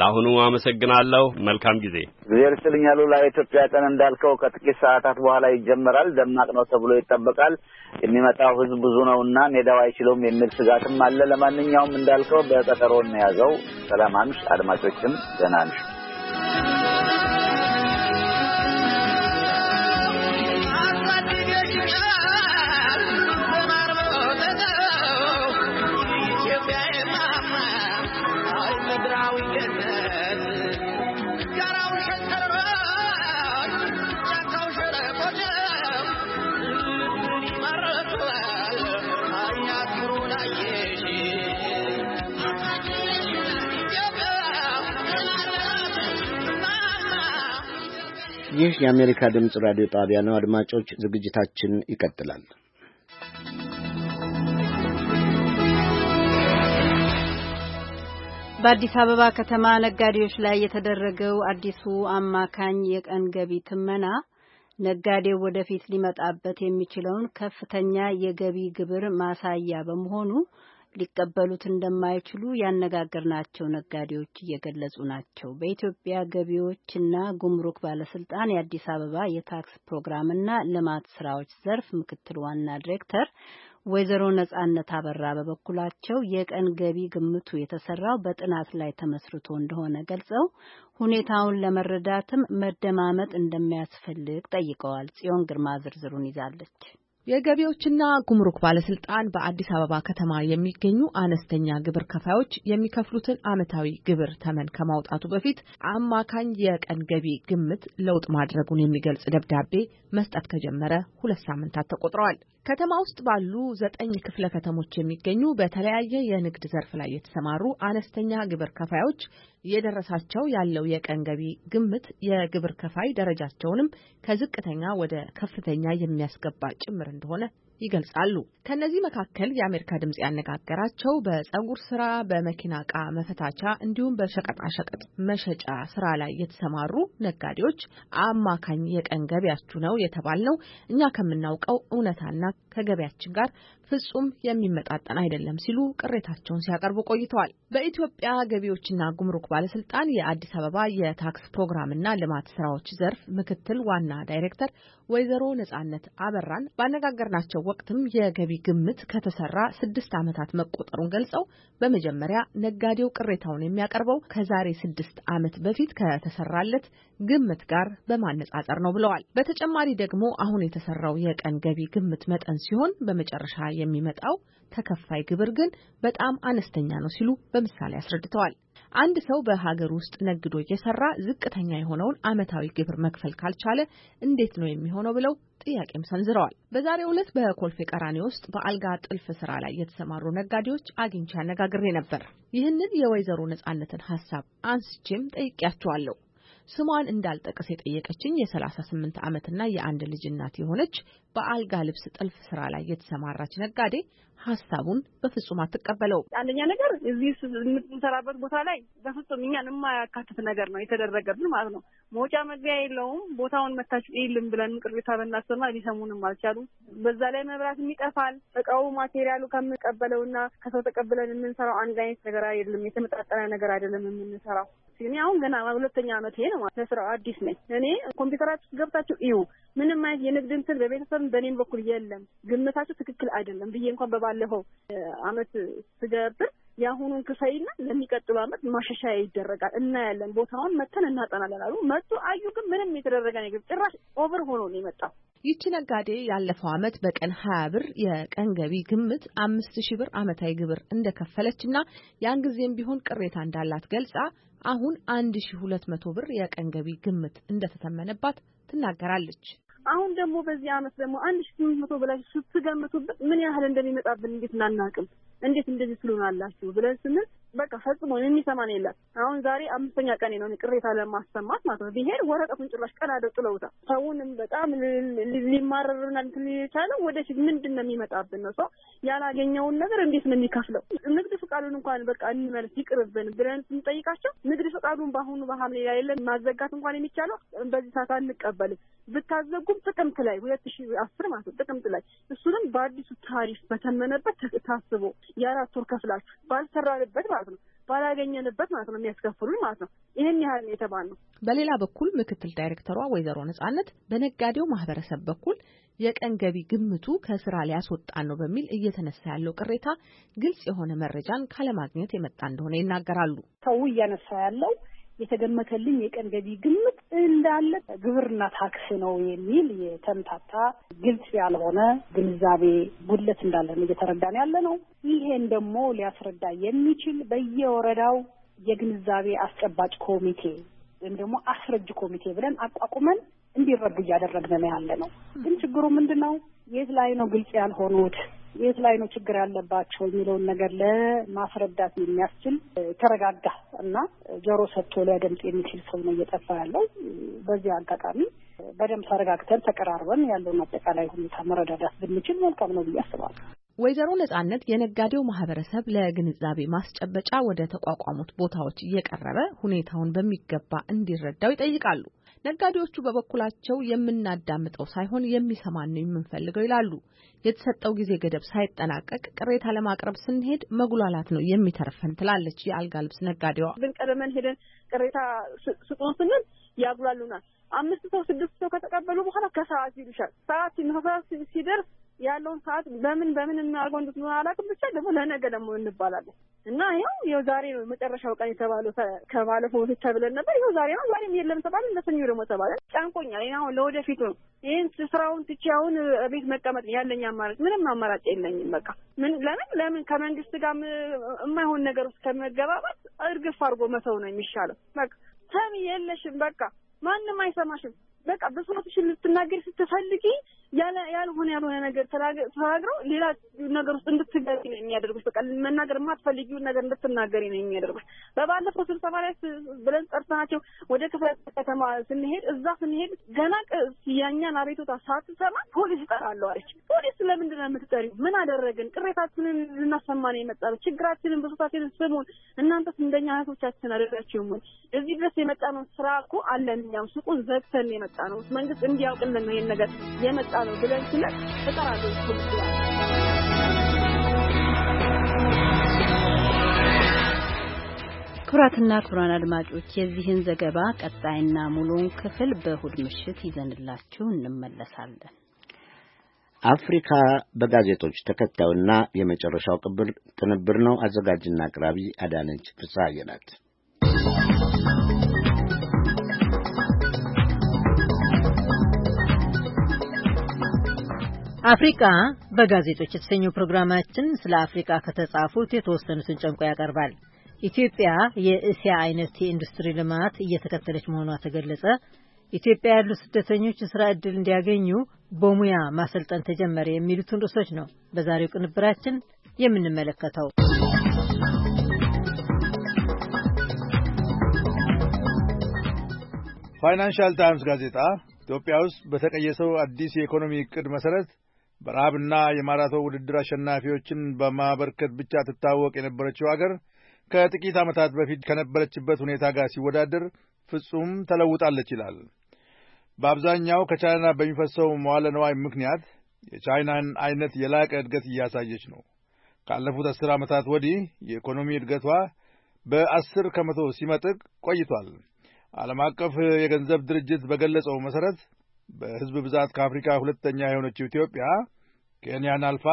ለአሁኑ አመሰግናለሁ። መልካም ጊዜ እግዚአብሔር ይስጥልኝ። አሉላ የኢትዮጵያ ቀን እንዳልከው ከጥቂት ሰዓታት በኋላ ይጀመራል። ደማቅ ነው ተብሎ ይጠበቃል። የሚመጣው ህዝብ ብዙ ነው እና ሜዳው አይችለውም የሚል ስጋትም አለ። ለማንኛውም እንዳልከው በቀጠሮ እንያዘው። ሰላም አምሽ። አድማጮችም ደህና አምሽ። ይህ የአሜሪካ ድምፅ ራዲዮ ጣቢያ ነው። አድማጮች፣ ዝግጅታችን ይቀጥላል። በአዲስ አበባ ከተማ ነጋዴዎች ላይ የተደረገው አዲሱ አማካኝ የቀን ገቢ ትመና ነጋዴው ወደፊት ሊመጣበት የሚችለውን ከፍተኛ የገቢ ግብር ማሳያ በመሆኑ ሊቀበሉት እንደማይችሉ ያነጋገርናቸው ነጋዴዎች እየገለጹ ናቸው። በኢትዮጵያ ገቢዎችና ጉምሩክ ባለስልጣን የአዲስ አበባ የታክስ ፕሮግራምና ልማት ስራዎች ዘርፍ ምክትል ዋና ዲሬክተር ወይዘሮ ነጻነት አበራ በበኩላቸው የቀን ገቢ ግምቱ የተሰራው በጥናት ላይ ተመስርቶ እንደሆነ ገልጸው ሁኔታውን ለመረዳትም መደማመጥ እንደሚያስፈልግ ጠይቀዋል። ጽዮን ግርማ ዝርዝሩን ይዛለች። የገቢዎችና ጉምሩክ ባለስልጣን በአዲስ አበባ ከተማ የሚገኙ አነስተኛ ግብር ከፋዮች የሚከፍሉትን ዓመታዊ ግብር ተመን ከማውጣቱ በፊት አማካኝ የቀን ገቢ ግምት ለውጥ ማድረጉን የሚገልጽ ደብዳቤ መስጠት ከጀመረ ሁለት ሳምንታት ተቆጥረዋል። ከተማ ውስጥ ባሉ ዘጠኝ ክፍለ ከተሞች የሚገኙ በተለያየ የንግድ ዘርፍ ላይ የተሰማሩ አነስተኛ ግብር ከፋዮች እየደረሳቸው ያለው የቀን ገቢ ግምት የግብር ከፋይ ደረጃቸውንም ከዝቅተኛ ወደ ከፍተኛ የሚያስገባ ጭምር እንደሆነ ይገልጻሉ። ከእነዚህ መካከል የአሜሪካ ድምጽ ያነጋገራቸው በጸጉር ስራ፣ በመኪና ዕቃ መፈታቻ እንዲሁም በሸቀጣሸቀጥ መሸጫ ስራ ላይ የተሰማሩ ነጋዴዎች አማካኝ የቀን ገቢያችሁ ነው የተባልነው እኛ ከምናውቀው እውነታና ከገበያችን ጋር ፍጹም የሚመጣጠን አይደለም ሲሉ ቅሬታቸውን ሲያቀርቡ ቆይተዋል። በኢትዮጵያ ገቢዎችና ጉምሩክ ባለስልጣን የአዲስ አበባ የታክስ ፕሮግራምና ልማት ስራዎች ዘርፍ ምክትል ዋና ዳይሬክተር ወይዘሮ ነጻነት አበራን ባነጋገርናቸው ወቅትም የገቢ ግምት ከተሰራ ስድስት ዓመታት መቆጠሩን ገልጸው በመጀመሪያ ነጋዴው ቅሬታውን የሚያቀርበው ከዛሬ ስድስት ዓመት በፊት ከተሰራለት ግምት ጋር በማነጻጸር ነው ብለዋል። በተጨማሪ ደግሞ አሁን የተሰራው የቀን ገቢ ግምት መጠን ሲሆን በመጨረሻ የሚመጣው ተከፋይ ግብር ግን በጣም አነስተኛ ነው ሲሉ በምሳሌ አስረድተዋል። አንድ ሰው በሀገር ውስጥ ነግዶ እየሰራ ዝቅተኛ የሆነውን ዓመታዊ ግብር መክፈል ካልቻለ እንዴት ነው የሚሆነው ብለው ጥያቄም ሰንዝረዋል። በዛሬው ዕለት በኮልፌ ቀራኔ ውስጥ በአልጋ ጥልፍ ስራ ላይ የተሰማሩ ነጋዴዎች አግኝቼ አነጋግሬ ነበር። ይህንን የወይዘሮ ነጻነትን ሀሳብ አንስቼም ጠይቄያቸዋለሁ። ስሟን እንዳልጠቀስ የጠየቀችኝ የ38 ዓመትና የአንድ ልጅ እናት የሆነች በአልጋ ልብስ ጥልፍ ስራ ላይ የተሰማራች ነጋዴ ሀሳቡን በፍጹም አትቀበለው። አንደኛ ነገር እዚህ የምንሰራበት ቦታ ላይ በፍጹም እኛን የማያካትት ነገር ነው የተደረገብን ማለት ነው። መውጫ መግቢያ የለውም። ቦታውን መታች ይልም ብለን ቅሬታ ብናሰማ ሊሰሙንም አልቻሉ። በዛ ላይ መብራት ይጠፋል። እቃው ማቴሪያሉ ከምንቀበለውና ከሰው ተቀብለን የምንሰራው አንድ አይነት ነገር አይደለም። የተመጣጠነ ነገር አይደለም የምንሰራው እኔ አሁን ገና ሁለተኛ አመት ይሄ ነው ለስራው አዲስ ነኝ። እኔ ኮምፒውተራችሁ ገብታችሁ እዩ። ምንም አይነት የንግድ እንትን በቤተሰብም በእኔም በኩል የለም። ግምታችሁ ትክክል አይደለም ብዬ እንኳን በባለፈው አመት ስገብር የአሁኑን ክፈይና ለሚቀጥሉ አመት ማሻሻያ ይደረጋል እናያለን፣ ቦታውን መተን እናጠናለን አሉ። መጡ አዩ፣ ግን ምንም የተደረገ ነገር ጭራሽ ኦቨር ሆኖ ነው የመጣው። ይቺ ነጋዴ ያለፈው ዓመት በቀን ሀያ ብር የቀን ገቢ ግምት አምስት ሺህ ብር ዓመታዊ ግብር እንደከፈለች እና ያን ጊዜም ቢሆን ቅሬታ እንዳላት ገልጻ አሁን 1200 ብር የቀን ገቢ ግምት እንደተተመነባት ትናገራለች። አሁን ደግሞ በዚህ ዓመት ደግሞ አንድ ሺ ስምንት መቶ ብላችሁ ስትገምቱበት ምን ያህል እንደሚመጣብን እንዴት እናናቅም? እንዴት እንደዚህ ትሉናላችሁ ብለን ስንል በቃ ፈጽሞ የሚሰማን የለም። አሁን ዛሬ አምስተኛ ቀኔ ነው ቅሬታ ለማሰማት ማለት ነው። ቢሄድ ወረቀቱን ጭራሽ ቀዳደው ጥለውታል። ሰውንም በጣም ሊማረርና የቻለው ወደፊት ምንድን ነው የሚመጣብን ነው። ሰው ያላገኘውን ነገር እንዴት ነው የሚከፍለው? ንግድ ፍቃዱን እንኳን በቃ እንመለስ ይቅርብን ብለን ስንጠይቃቸው ንግድ ፍቃዱን በአሁኑ በሐምሌ ላይ የለን ማዘጋት እንኳን የሚቻለው በዚህ ሰዓት አንቀበልም ብታዘጉም ጥቅምት ላይ ሁለት ሺ አስር ማለት ነው ጥቅምት ላይ እሱንም በአዲሱ ታሪፍ በተመነበት ታስቦ የአራት ወር ከፍላችሁ ባልሰራንበት ማለት ነው ባላገኘንበት ማለት ነው የሚያስከፍሉን ማለት ነው። ይህን ያህል ነው የተባልነው። በሌላ በኩል ምክትል ዳይሬክተሯ ወይዘሮ ነጻነት በነጋዴው ማህበረሰብ በኩል የቀን ገቢ ግምቱ ከስራ ሊያስወጣን ነው በሚል እየተነሳ ያለው ቅሬታ ግልጽ የሆነ መረጃን ካለማግኘት የመጣ እንደሆነ ይናገራሉ። ሰው እያነሳ ያለው የተገመተልኝ የቀን ገቢ ግምት እንዳለ ግብርና ታክስ ነው የሚል የተምታታ ግልጽ ያልሆነ ግንዛቤ ጉድለት እንዳለን እየተረዳን ያለ ነው። ይሄን ደግሞ ሊያስረዳ የሚችል በየወረዳው የግንዛቤ አስጨባጭ ኮሚቴ ወይም ደግሞ አስረጅ ኮሚቴ ብለን አቋቁመን እንዲረዱ እያደረግን ያለ ነው። ግን ችግሩ ምንድን ነው? የት ላይ ነው ግልጽ ያልሆኑት? የት ላይ ነው ችግር ያለባቸው የሚለውን ነገር ለማስረዳት የሚያስችል ተረጋጋ እና ጆሮ ሰጥቶ ሊያደምጥ የሚችል ሰው ነው እየጠፋ ያለው። በዚህ አጋጣሚ በደንብ ተረጋግተን ተቀራርበን ያለውን አጠቃላይ ሁኔታ መረዳዳት ብንችል መልካም ነው ብዬ አስባለሁ። ወይዘሮ ነጻነት የነጋዴው ማህበረሰብ ለግንዛቤ ማስጨበጫ ወደ ተቋቋሙት ቦታዎች እየቀረበ ሁኔታውን በሚገባ እንዲረዳው ይጠይቃሉ። ነጋዴዎቹ በበኩላቸው የምናዳምጠው ሳይሆን የሚሰማን ነው የምንፈልገው ይላሉ። የተሰጠው ጊዜ ገደብ ሳይጠናቀቅ ቅሬታ ለማቅረብ ስንሄድ መጉላላት ነው የሚተርፈን ትላለች የአልጋ ልብስ ነጋዴዋ። ግን ቀደመን ሄደን ቅሬታ ስጡን ስንል ያጉላሉናል። አምስት ሰው ስድስት ሰው ከተቀበሉ በኋላ ከሰዓት ይሉሻል። ሰዓት ሲደርስ ያለውን ሰዓት በምን በምን እናርገው እንድት አላውቅም። ብቻ ደግሞ ለነገ ደግሞ እንባላለን እና ይኸው ይኸው ዛሬ ነው መጨረሻው ቀን የተባለው። ከባለፈው በፊት ተብለን ነበር። ይኸው ዛሬ ነው። ዛሬም የለም ተባለ። ለሰኞ ደግሞ ተባለ። ጨንቆኛል። ይሁ ለወደፊቱ ነው ይህን ስራውን ትቼ አሁን ቤት መቀመጥ ያለኝ አማራጭ ምንም አማራጭ የለኝም። በቃ ምን ለምን ለምን ከመንግስት ጋር የማይሆን ነገር ውስጥ ከመገባባት እርግፍ አድርጎ መተው ነው የሚሻለው። በቃ ሰሚ የለሽም። በቃ ማንም አይሰማሽም። በቃ ብሶትሽን ልትናገር ስትፈልጊ ያልሆነ ያልሆነ ነገር ተናግረው ሌላ ነገር ውስጥ እንድትገቢ ነው የሚያደርጉት። በቃ መናገር የማትፈልጊውን ነገር እንድትናገሪ ነው የሚያደርጉት። በባለፈው ስብሰባ ላይ ብለን ጠርተናቸው ወደ ክፍለ ከተማ ስንሄድ እዛ ስንሄድ ገና ያኛን አቤቱታ ሳትሰማ ፖሊስ እጠራለሁ አለች። ፖሊስ ለምንድን ነው የምትጠሪው? ምን አደረግን? ቅሬታችንን ልናሰማ ነው የመጣነው። ችግራችንን፣ ብሶታችንን ስሙን። እናንተስ እንደኛ እህቶቻችን አደረጋችሁም? እዚህ ድረስ የመጣነው ስራ እኮ አለን። እኛም ሱቁን ዘግተን የመጣ የመጣ ነው፣ መንግስት እንዲያውቅልን ነው ይህን ነገር የመጣ ነው ብለን ስለት ፍጠራ ክቡራትና ክቡራን አድማጮች የዚህን ዘገባ ቀጣይና ሙሉውን ክፍል በእሁድ ምሽት ይዘንላችሁ እንመለሳለን። አፍሪካ በጋዜጦች ተከታዩና የመጨረሻው ቅብር ቅንብር ነው። አዘጋጅና አቅራቢ አዳነች ፍስሐዬ ናት። አፍሪቃ በጋዜጦች የተሰኘው ፕሮግራማችን ስለ አፍሪቃ ከተጻፉት የተወሰኑትን ጨምቆ ያቀርባል። ኢትዮጵያ የእስያ አይነት የኢንዱስትሪ ልማት እየተከተለች መሆኗ ተገለጸ፣ ኢትዮጵያ ያሉ ስደተኞች የስራ እድል እንዲያገኙ በሙያ ማሰልጠን ተጀመረ፣ የሚሉትን ርዕሶች ነው በዛሬው ቅንብራችን የምንመለከተው። ፋይናንሻል ታይምስ ጋዜጣ ኢትዮጵያ ውስጥ በተቀየሰው አዲስ የኢኮኖሚ እቅድ መሰረት በረሃብና የማራቶን ውድድር አሸናፊዎችን በማበርከት ብቻ ትታወቅ የነበረችው አገር ከጥቂት ዓመታት በፊት ከነበረችበት ሁኔታ ጋር ሲወዳደር ፍጹም ተለውጣለች ይላል። በአብዛኛው ከቻይና በሚፈሰው መዋለ ነዋይ ምክንያት የቻይናን አይነት የላቀ እድገት እያሳየች ነው። ካለፉት አስር ዓመታት ወዲህ የኢኮኖሚ እድገቷ በአስር ከመቶ ሲመጥቅ ቆይቷል። ዓለም አቀፍ የገንዘብ ድርጅት በገለጸው መሠረት በህዝብ ብዛት ከአፍሪካ ሁለተኛ የሆነችው ኢትዮጵያ ኬንያን አልፋ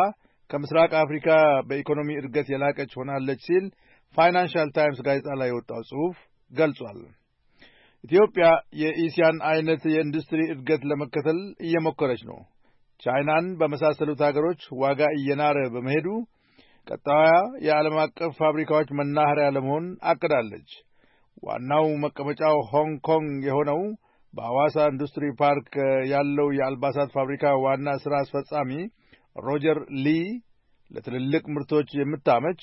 ከምስራቅ አፍሪካ በኢኮኖሚ እድገት የላቀች ሆናለች ሲል ፋይናንሻል ታይምስ ጋዜጣ ላይ የወጣው ጽሑፍ ገልጿል። ኢትዮጵያ የኢሲያን አይነት የኢንዱስትሪ እድገት ለመከተል እየሞከረች ነው። ቻይናን በመሳሰሉት አገሮች ዋጋ እየናረ በመሄዱ ቀጣዩ የዓለም አቀፍ ፋብሪካዎች መናኸሪያ ለመሆን አቅዳለች። ዋናው መቀመጫው ሆንግ ኮንግ የሆነው በአዋሳ ኢንዱስትሪ ፓርክ ያለው የአልባሳት ፋብሪካ ዋና ሥራ አስፈጻሚ ሮጀር ሊ ለትልልቅ ምርቶች የምታመች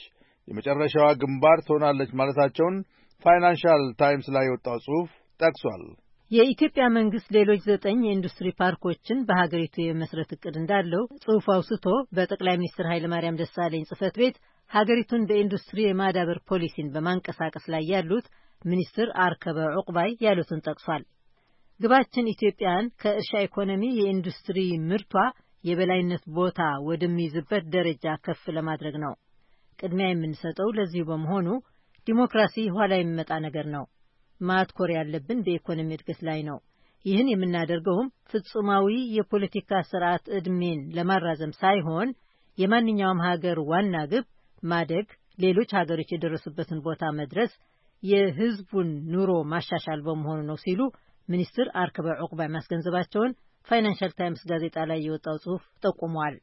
የመጨረሻዋ ግንባር ትሆናለች ማለታቸውን ፋይናንሻል ታይምስ ላይ የወጣው ጽሑፍ ጠቅሷል። የኢትዮጵያ መንግስት ሌሎች ዘጠኝ የኢንዱስትሪ ፓርኮችን በሀገሪቱ የመስረት እቅድ እንዳለው ጽሑፍ አውስቶ በጠቅላይ ሚኒስትር ኃይለማርያም ደሳለኝ ጽህፈት ቤት ሀገሪቱን በኢንዱስትሪ የማዳበር ፖሊሲን በማንቀሳቀስ ላይ ያሉት ሚኒስትር አርከበ ዑቅባይ ያሉትን ጠቅሷል። ግባችን ኢትዮጵያን ከእርሻ ኢኮኖሚ የኢንዱስትሪ ምርቷ የበላይነት ቦታ ወደሚይዝበት ደረጃ ከፍ ለማድረግ ነው። ቅድሚያ የምንሰጠው ለዚሁ በመሆኑ ዲሞክራሲ ኋላ የሚመጣ ነገር ነው። ማትኮር ያለብን በኢኮኖሚ እድገት ላይ ነው። ይህን የምናደርገውም ፍጹማዊ የፖለቲካ ስርዓት ዕድሜን ለማራዘም ሳይሆን የማንኛውም ሀገር ዋና ግብ ማደግ፣ ሌሎች ሀገሮች የደረሱበትን ቦታ መድረስ፣ የህዝቡን ኑሮ ማሻሻል በመሆኑ ነው ሲሉ ሚኒስትር አርከበ ዕቁባ ማስገንዘባቸውን ፋይናንሻል ታይምስ ጋዜጣ ላይ የወጣው ጽሑፍ ጠቁሟል።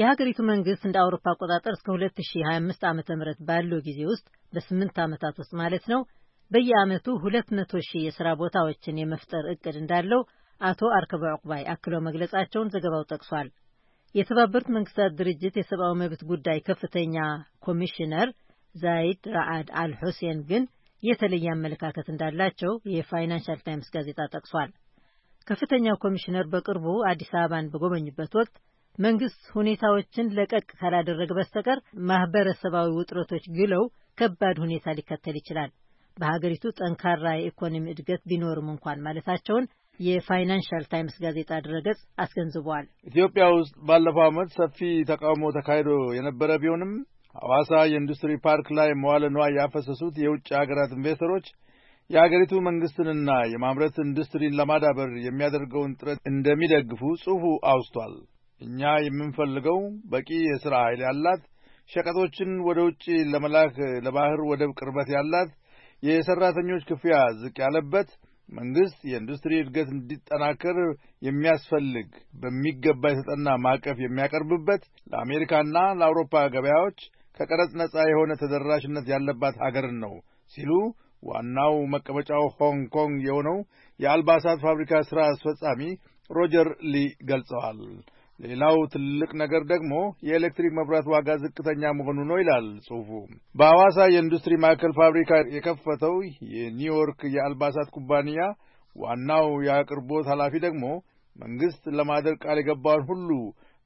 የሀገሪቱ መንግስት እንደ አውሮፓ አቆጣጠር እስከ 2025 ዓ ም ባለው ጊዜ ውስጥ በስምንት ዓመታት ውስጥ ማለት ነው በየአመቱ 200 ሺህ የሥራ ቦታዎችን የመፍጠር እቅድ እንዳለው አቶ አርከበ ዕቁባይ አክለው መግለጻቸውን ዘገባው ጠቅሷል። የተባበሩት መንግስታት ድርጅት የሰብአዊ መብት ጉዳይ ከፍተኛ ኮሚሽነር ዛይድ ራአድ አልሑሴን ግን የተለየ አመለካከት እንዳላቸው የፋይናንሻል ታይምስ ጋዜጣ ጠቅሷል። ከፍተኛው ኮሚሽነር በቅርቡ አዲስ አበባን በጎበኙበት ወቅት መንግስት ሁኔታዎችን ለቀቅ ካላደረገ በስተቀር ማህበረሰባዊ ውጥረቶች ግለው ከባድ ሁኔታ ሊከተል ይችላል፣ በሀገሪቱ ጠንካራ የኢኮኖሚ እድገት ቢኖርም እንኳን ማለታቸውን የፋይናንሻል ታይምስ ጋዜጣ ድረገጽ አስገንዝበዋል። ኢትዮጵያ ውስጥ ባለፈው ዓመት ሰፊ ተቃውሞ ተካሂዶ የነበረ ቢሆንም ሐዋሳ የኢንዱስትሪ ፓርክ ላይ መዋለ ንዋይ ያፈሰሱት የውጭ ሀገራት ኢንቨስተሮች የአገሪቱ መንግሥትንና የማምረት ኢንዱስትሪን ለማዳበር የሚያደርገውን ጥረት እንደሚደግፉ ጽሑፉ አውስቷል። እኛ የምንፈልገው በቂ የሥራ ኃይል ያላት፣ ሸቀጦችን ወደ ውጭ ለመላክ ለባሕር ወደብ ቅርበት ያላት፣ የሠራተኞች ክፍያ ዝቅ ያለበት መንግሥት የኢንዱስትሪ እድገት እንዲጠናከር የሚያስፈልግ በሚገባ የተጠና ማዕቀፍ የሚያቀርብበት ለአሜሪካና ለአውሮፓ ገበያዎች ከቀረጽ ነጻ የሆነ ተደራሽነት ያለባት አገርን ነው ሲሉ ዋናው መቀመጫው ሆንግ ኮንግ የሆነው የአልባሳት ፋብሪካ ሥራ አስፈጻሚ ሮጀር ሊ ገልጸዋል። ሌላው ትልቅ ነገር ደግሞ የኤሌክትሪክ መብራት ዋጋ ዝቅተኛ መሆኑ ነው ይላል ጽሑፉ። በሐዋሳ የኢንዱስትሪ ማዕከል ፋብሪካ የከፈተው የኒውዮርክ የአልባሳት ኩባንያ ዋናው የአቅርቦት ኃላፊ ደግሞ መንግሥት ለማድረግ ቃል የገባውን ሁሉ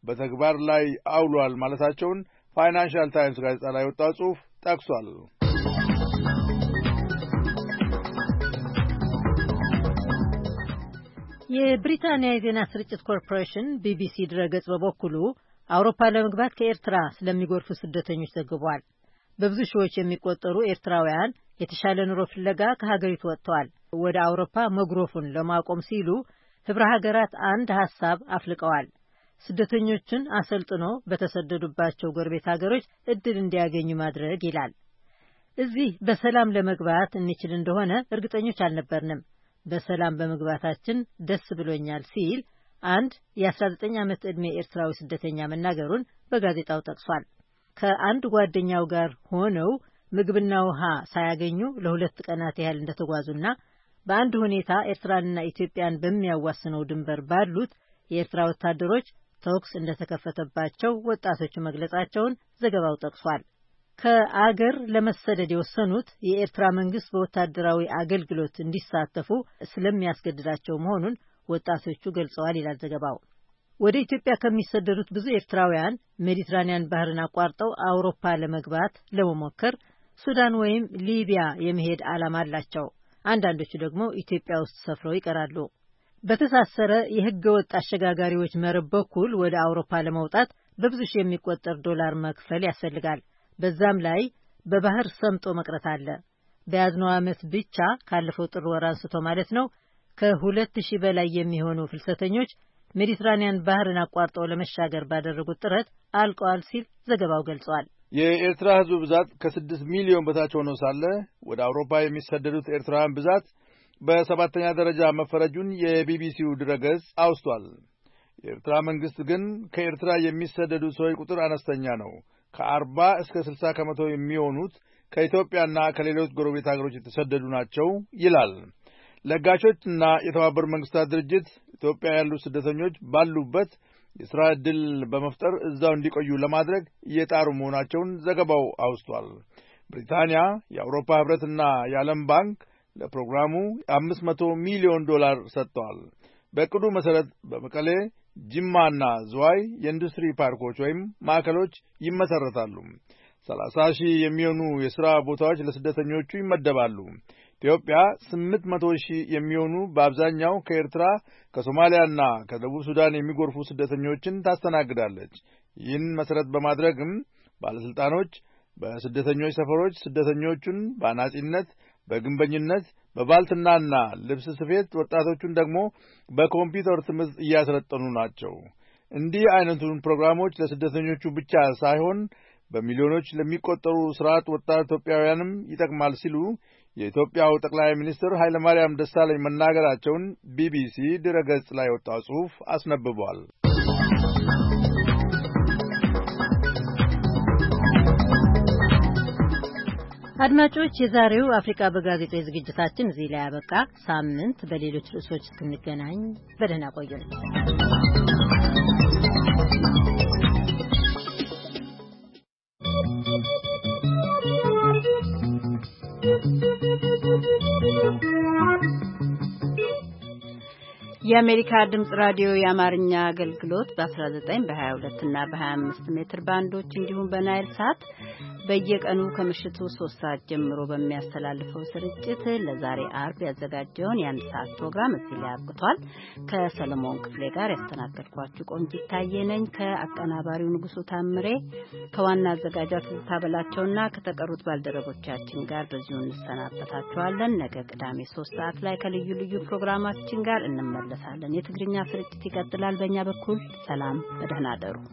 በተግባር ላይ አውሏል ማለታቸውን ፋይናንሻል ታይምስ ጋዜጣ ላይ የወጣው ጽሑፍ ጠቅሷል። የብሪታንያ የዜና ስርጭት ኮርፖሬሽን ቢቢሲ ድረገጽ በበኩሉ አውሮፓ ለመግባት ከኤርትራ ስለሚጎርፉ ስደተኞች ዘግቧል። በብዙ ሺዎች የሚቆጠሩ ኤርትራውያን የተሻለ ኑሮ ፍለጋ ከሀገሪቱ ወጥተዋል። ወደ አውሮፓ መጉረፉን ለማቆም ሲሉ ህብረ ሀገራት አንድ ሀሳብ አፍልቀዋል። ስደተኞችን አሰልጥኖ በተሰደዱባቸው ጎረቤት ሀገሮች እድል እንዲያገኙ ማድረግ ይላል። እዚህ በሰላም ለመግባት እንችል እንደሆነ እርግጠኞች አልነበርንም። በሰላም በመግባታችን ደስ ብሎኛል ሲል አንድ የ19 ዓመት ዕድሜ ኤርትራዊ ስደተኛ መናገሩን በጋዜጣው ጠቅሷል። ከአንድ ጓደኛው ጋር ሆነው ምግብና ውሃ ሳያገኙ ለሁለት ቀናት ያህል እንደተጓዙና በአንድ ሁኔታ ኤርትራንና ኢትዮጵያን በሚያዋስነው ድንበር ባሉት የኤርትራ ወታደሮች ተኩስ እንደተከፈተባቸው ወጣቶቹ መግለጻቸውን ዘገባው ጠቅሷል። ከአገር ለመሰደድ የወሰኑት የኤርትራ መንግስት በወታደራዊ አገልግሎት እንዲሳተፉ ስለሚያስገድዳቸው መሆኑን ወጣቶቹ ገልጸዋል ይላል ዘገባው። ወደ ኢትዮጵያ ከሚሰደዱት ብዙ ኤርትራውያን ሜዲትራኒያን ባህርን አቋርጠው አውሮፓ ለመግባት ለመሞከር ሱዳን ወይም ሊቢያ የመሄድ ዓላማ አላቸው። አንዳንዶቹ ደግሞ ኢትዮጵያ ውስጥ ሰፍረው ይቀራሉ። በተሳሰረ የህገ ወጥ አሸጋጋሪዎች መረብ በኩል ወደ አውሮፓ ለመውጣት በብዙ ሺህ የሚቆጠር ዶላር መክፈል ያስፈልጋል። በዛም ላይ በባህር ሰምጦ መቅረት አለ። በያዝነው ዓመት ብቻ ካለፈው ጥር ወር አንስቶ ማለት ነው ከሁለት ሺህ በላይ የሚሆኑ ፍልሰተኞች ሜዲትራኒያን ባህርን አቋርጠው ለመሻገር ባደረጉት ጥረት አልቀዋል ሲል ዘገባው ገልጿል። የኤርትራ ህዝብ ብዛት ከስድስት ሚሊዮን በታች ሆኖ ሳለ ወደ አውሮፓ የሚሰደዱት ኤርትራውያን ብዛት በሰባተኛ ደረጃ መፈረጁን የቢቢሲው ድረገጽ አውስቷል። የኤርትራ መንግሥት ግን ከኤርትራ የሚሰደዱ ሰዎች ቁጥር አነስተኛ ነው፣ ከአርባ እስከ ስልሳ ከመቶ የሚሆኑት ከኢትዮጵያና ከሌሎች ጎረቤት አገሮች የተሰደዱ ናቸው ይላል። ለጋሾችና የተባበሩት መንግስታት ድርጅት ኢትዮጵያ ያሉ ስደተኞች ባሉበት የሥራ ዕድል በመፍጠር እዛው እንዲቆዩ ለማድረግ እየጣሩ መሆናቸውን ዘገባው አውስቷል። ብሪታንያ፣ የአውሮፓ ኅብረትና የዓለም ባንክ ለፕሮግራሙ አምስት መቶ ሚሊዮን ዶላር ሰጥተዋል። በእቅዱ መሠረት በመቀሌ ጅማና ዝዋይ የኢንዱስትሪ ፓርኮች ወይም ማዕከሎች ይመሠረታሉ። ሰላሳ ሺህ የሚሆኑ የሥራ ቦታዎች ለስደተኞቹ ይመደባሉ። ኢትዮጵያ ስምንት መቶ ሺህ የሚሆኑ በአብዛኛው ከኤርትራ ከሶማሊያና ከደቡብ ሱዳን የሚጎርፉ ስደተኞችን ታስተናግዳለች። ይህን መሠረት በማድረግም ባለሥልጣኖች በስደተኞች ሰፈሮች ስደተኞቹን በአናጺነት በግንበኝነት በባልትናና ልብስ ስፌት፣ ወጣቶቹን ደግሞ በኮምፒውተር ትምህርት እያሰለጠኑ ናቸው። እንዲህ አይነቱን ፕሮግራሞች ለስደተኞቹ ብቻ ሳይሆን በሚሊዮኖች ለሚቆጠሩ ስርዓት ወጣት ኢትዮጵያውያንም ይጠቅማል ሲሉ የኢትዮጵያው ጠቅላይ ሚኒስትር ኃይለማርያም ደሳለኝ መናገራቸውን ቢቢሲ ድረ ገጽ ላይ የወጣው ጽሑፍ አስነብቧል። አድማጮች፣ የዛሬው አፍሪካ በጋዜጣ ዝግጅታችን እዚህ ላይ ያበቃ። ሳምንት በሌሎች ርዕሶች እስክንገናኝ በደህና ቆዩን። የአሜሪካ ድምጽ ራዲዮ የአማርኛ አገልግሎት በ19 በ22 እና በ25 ሜትር ባንዶች እንዲሁም በናይል ሳት በየቀኑ ከምሽቱ ሶስት ሰዓት ጀምሮ በሚያስተላልፈው ስርጭት ለዛሬ አርብ ያዘጋጀውን የአንድ ሰዓት ፕሮግራም እዚህ ላይ አብቅቷል። ከሰለሞን ክፍሌ ጋር ያስተናገድኳችሁ ቆንጅ ይታየ። ነኝ። ከአቀናባሪው ንጉሱ ታምሬ ከዋና አዘጋጇ ትዝታ በላቸውና ከተቀሩት ባልደረቦቻችን ጋር በዚሁ እንሰናበታችኋለን። ነገ ቅዳሜ ሶስት ሰዓት ላይ ከልዩ ልዩ ፕሮግራማችን ጋር እንመለሳለን። የትግርኛ ስርጭት ይቀጥላል። በእኛ በኩል ሰላም፣ በደህና አደሩ።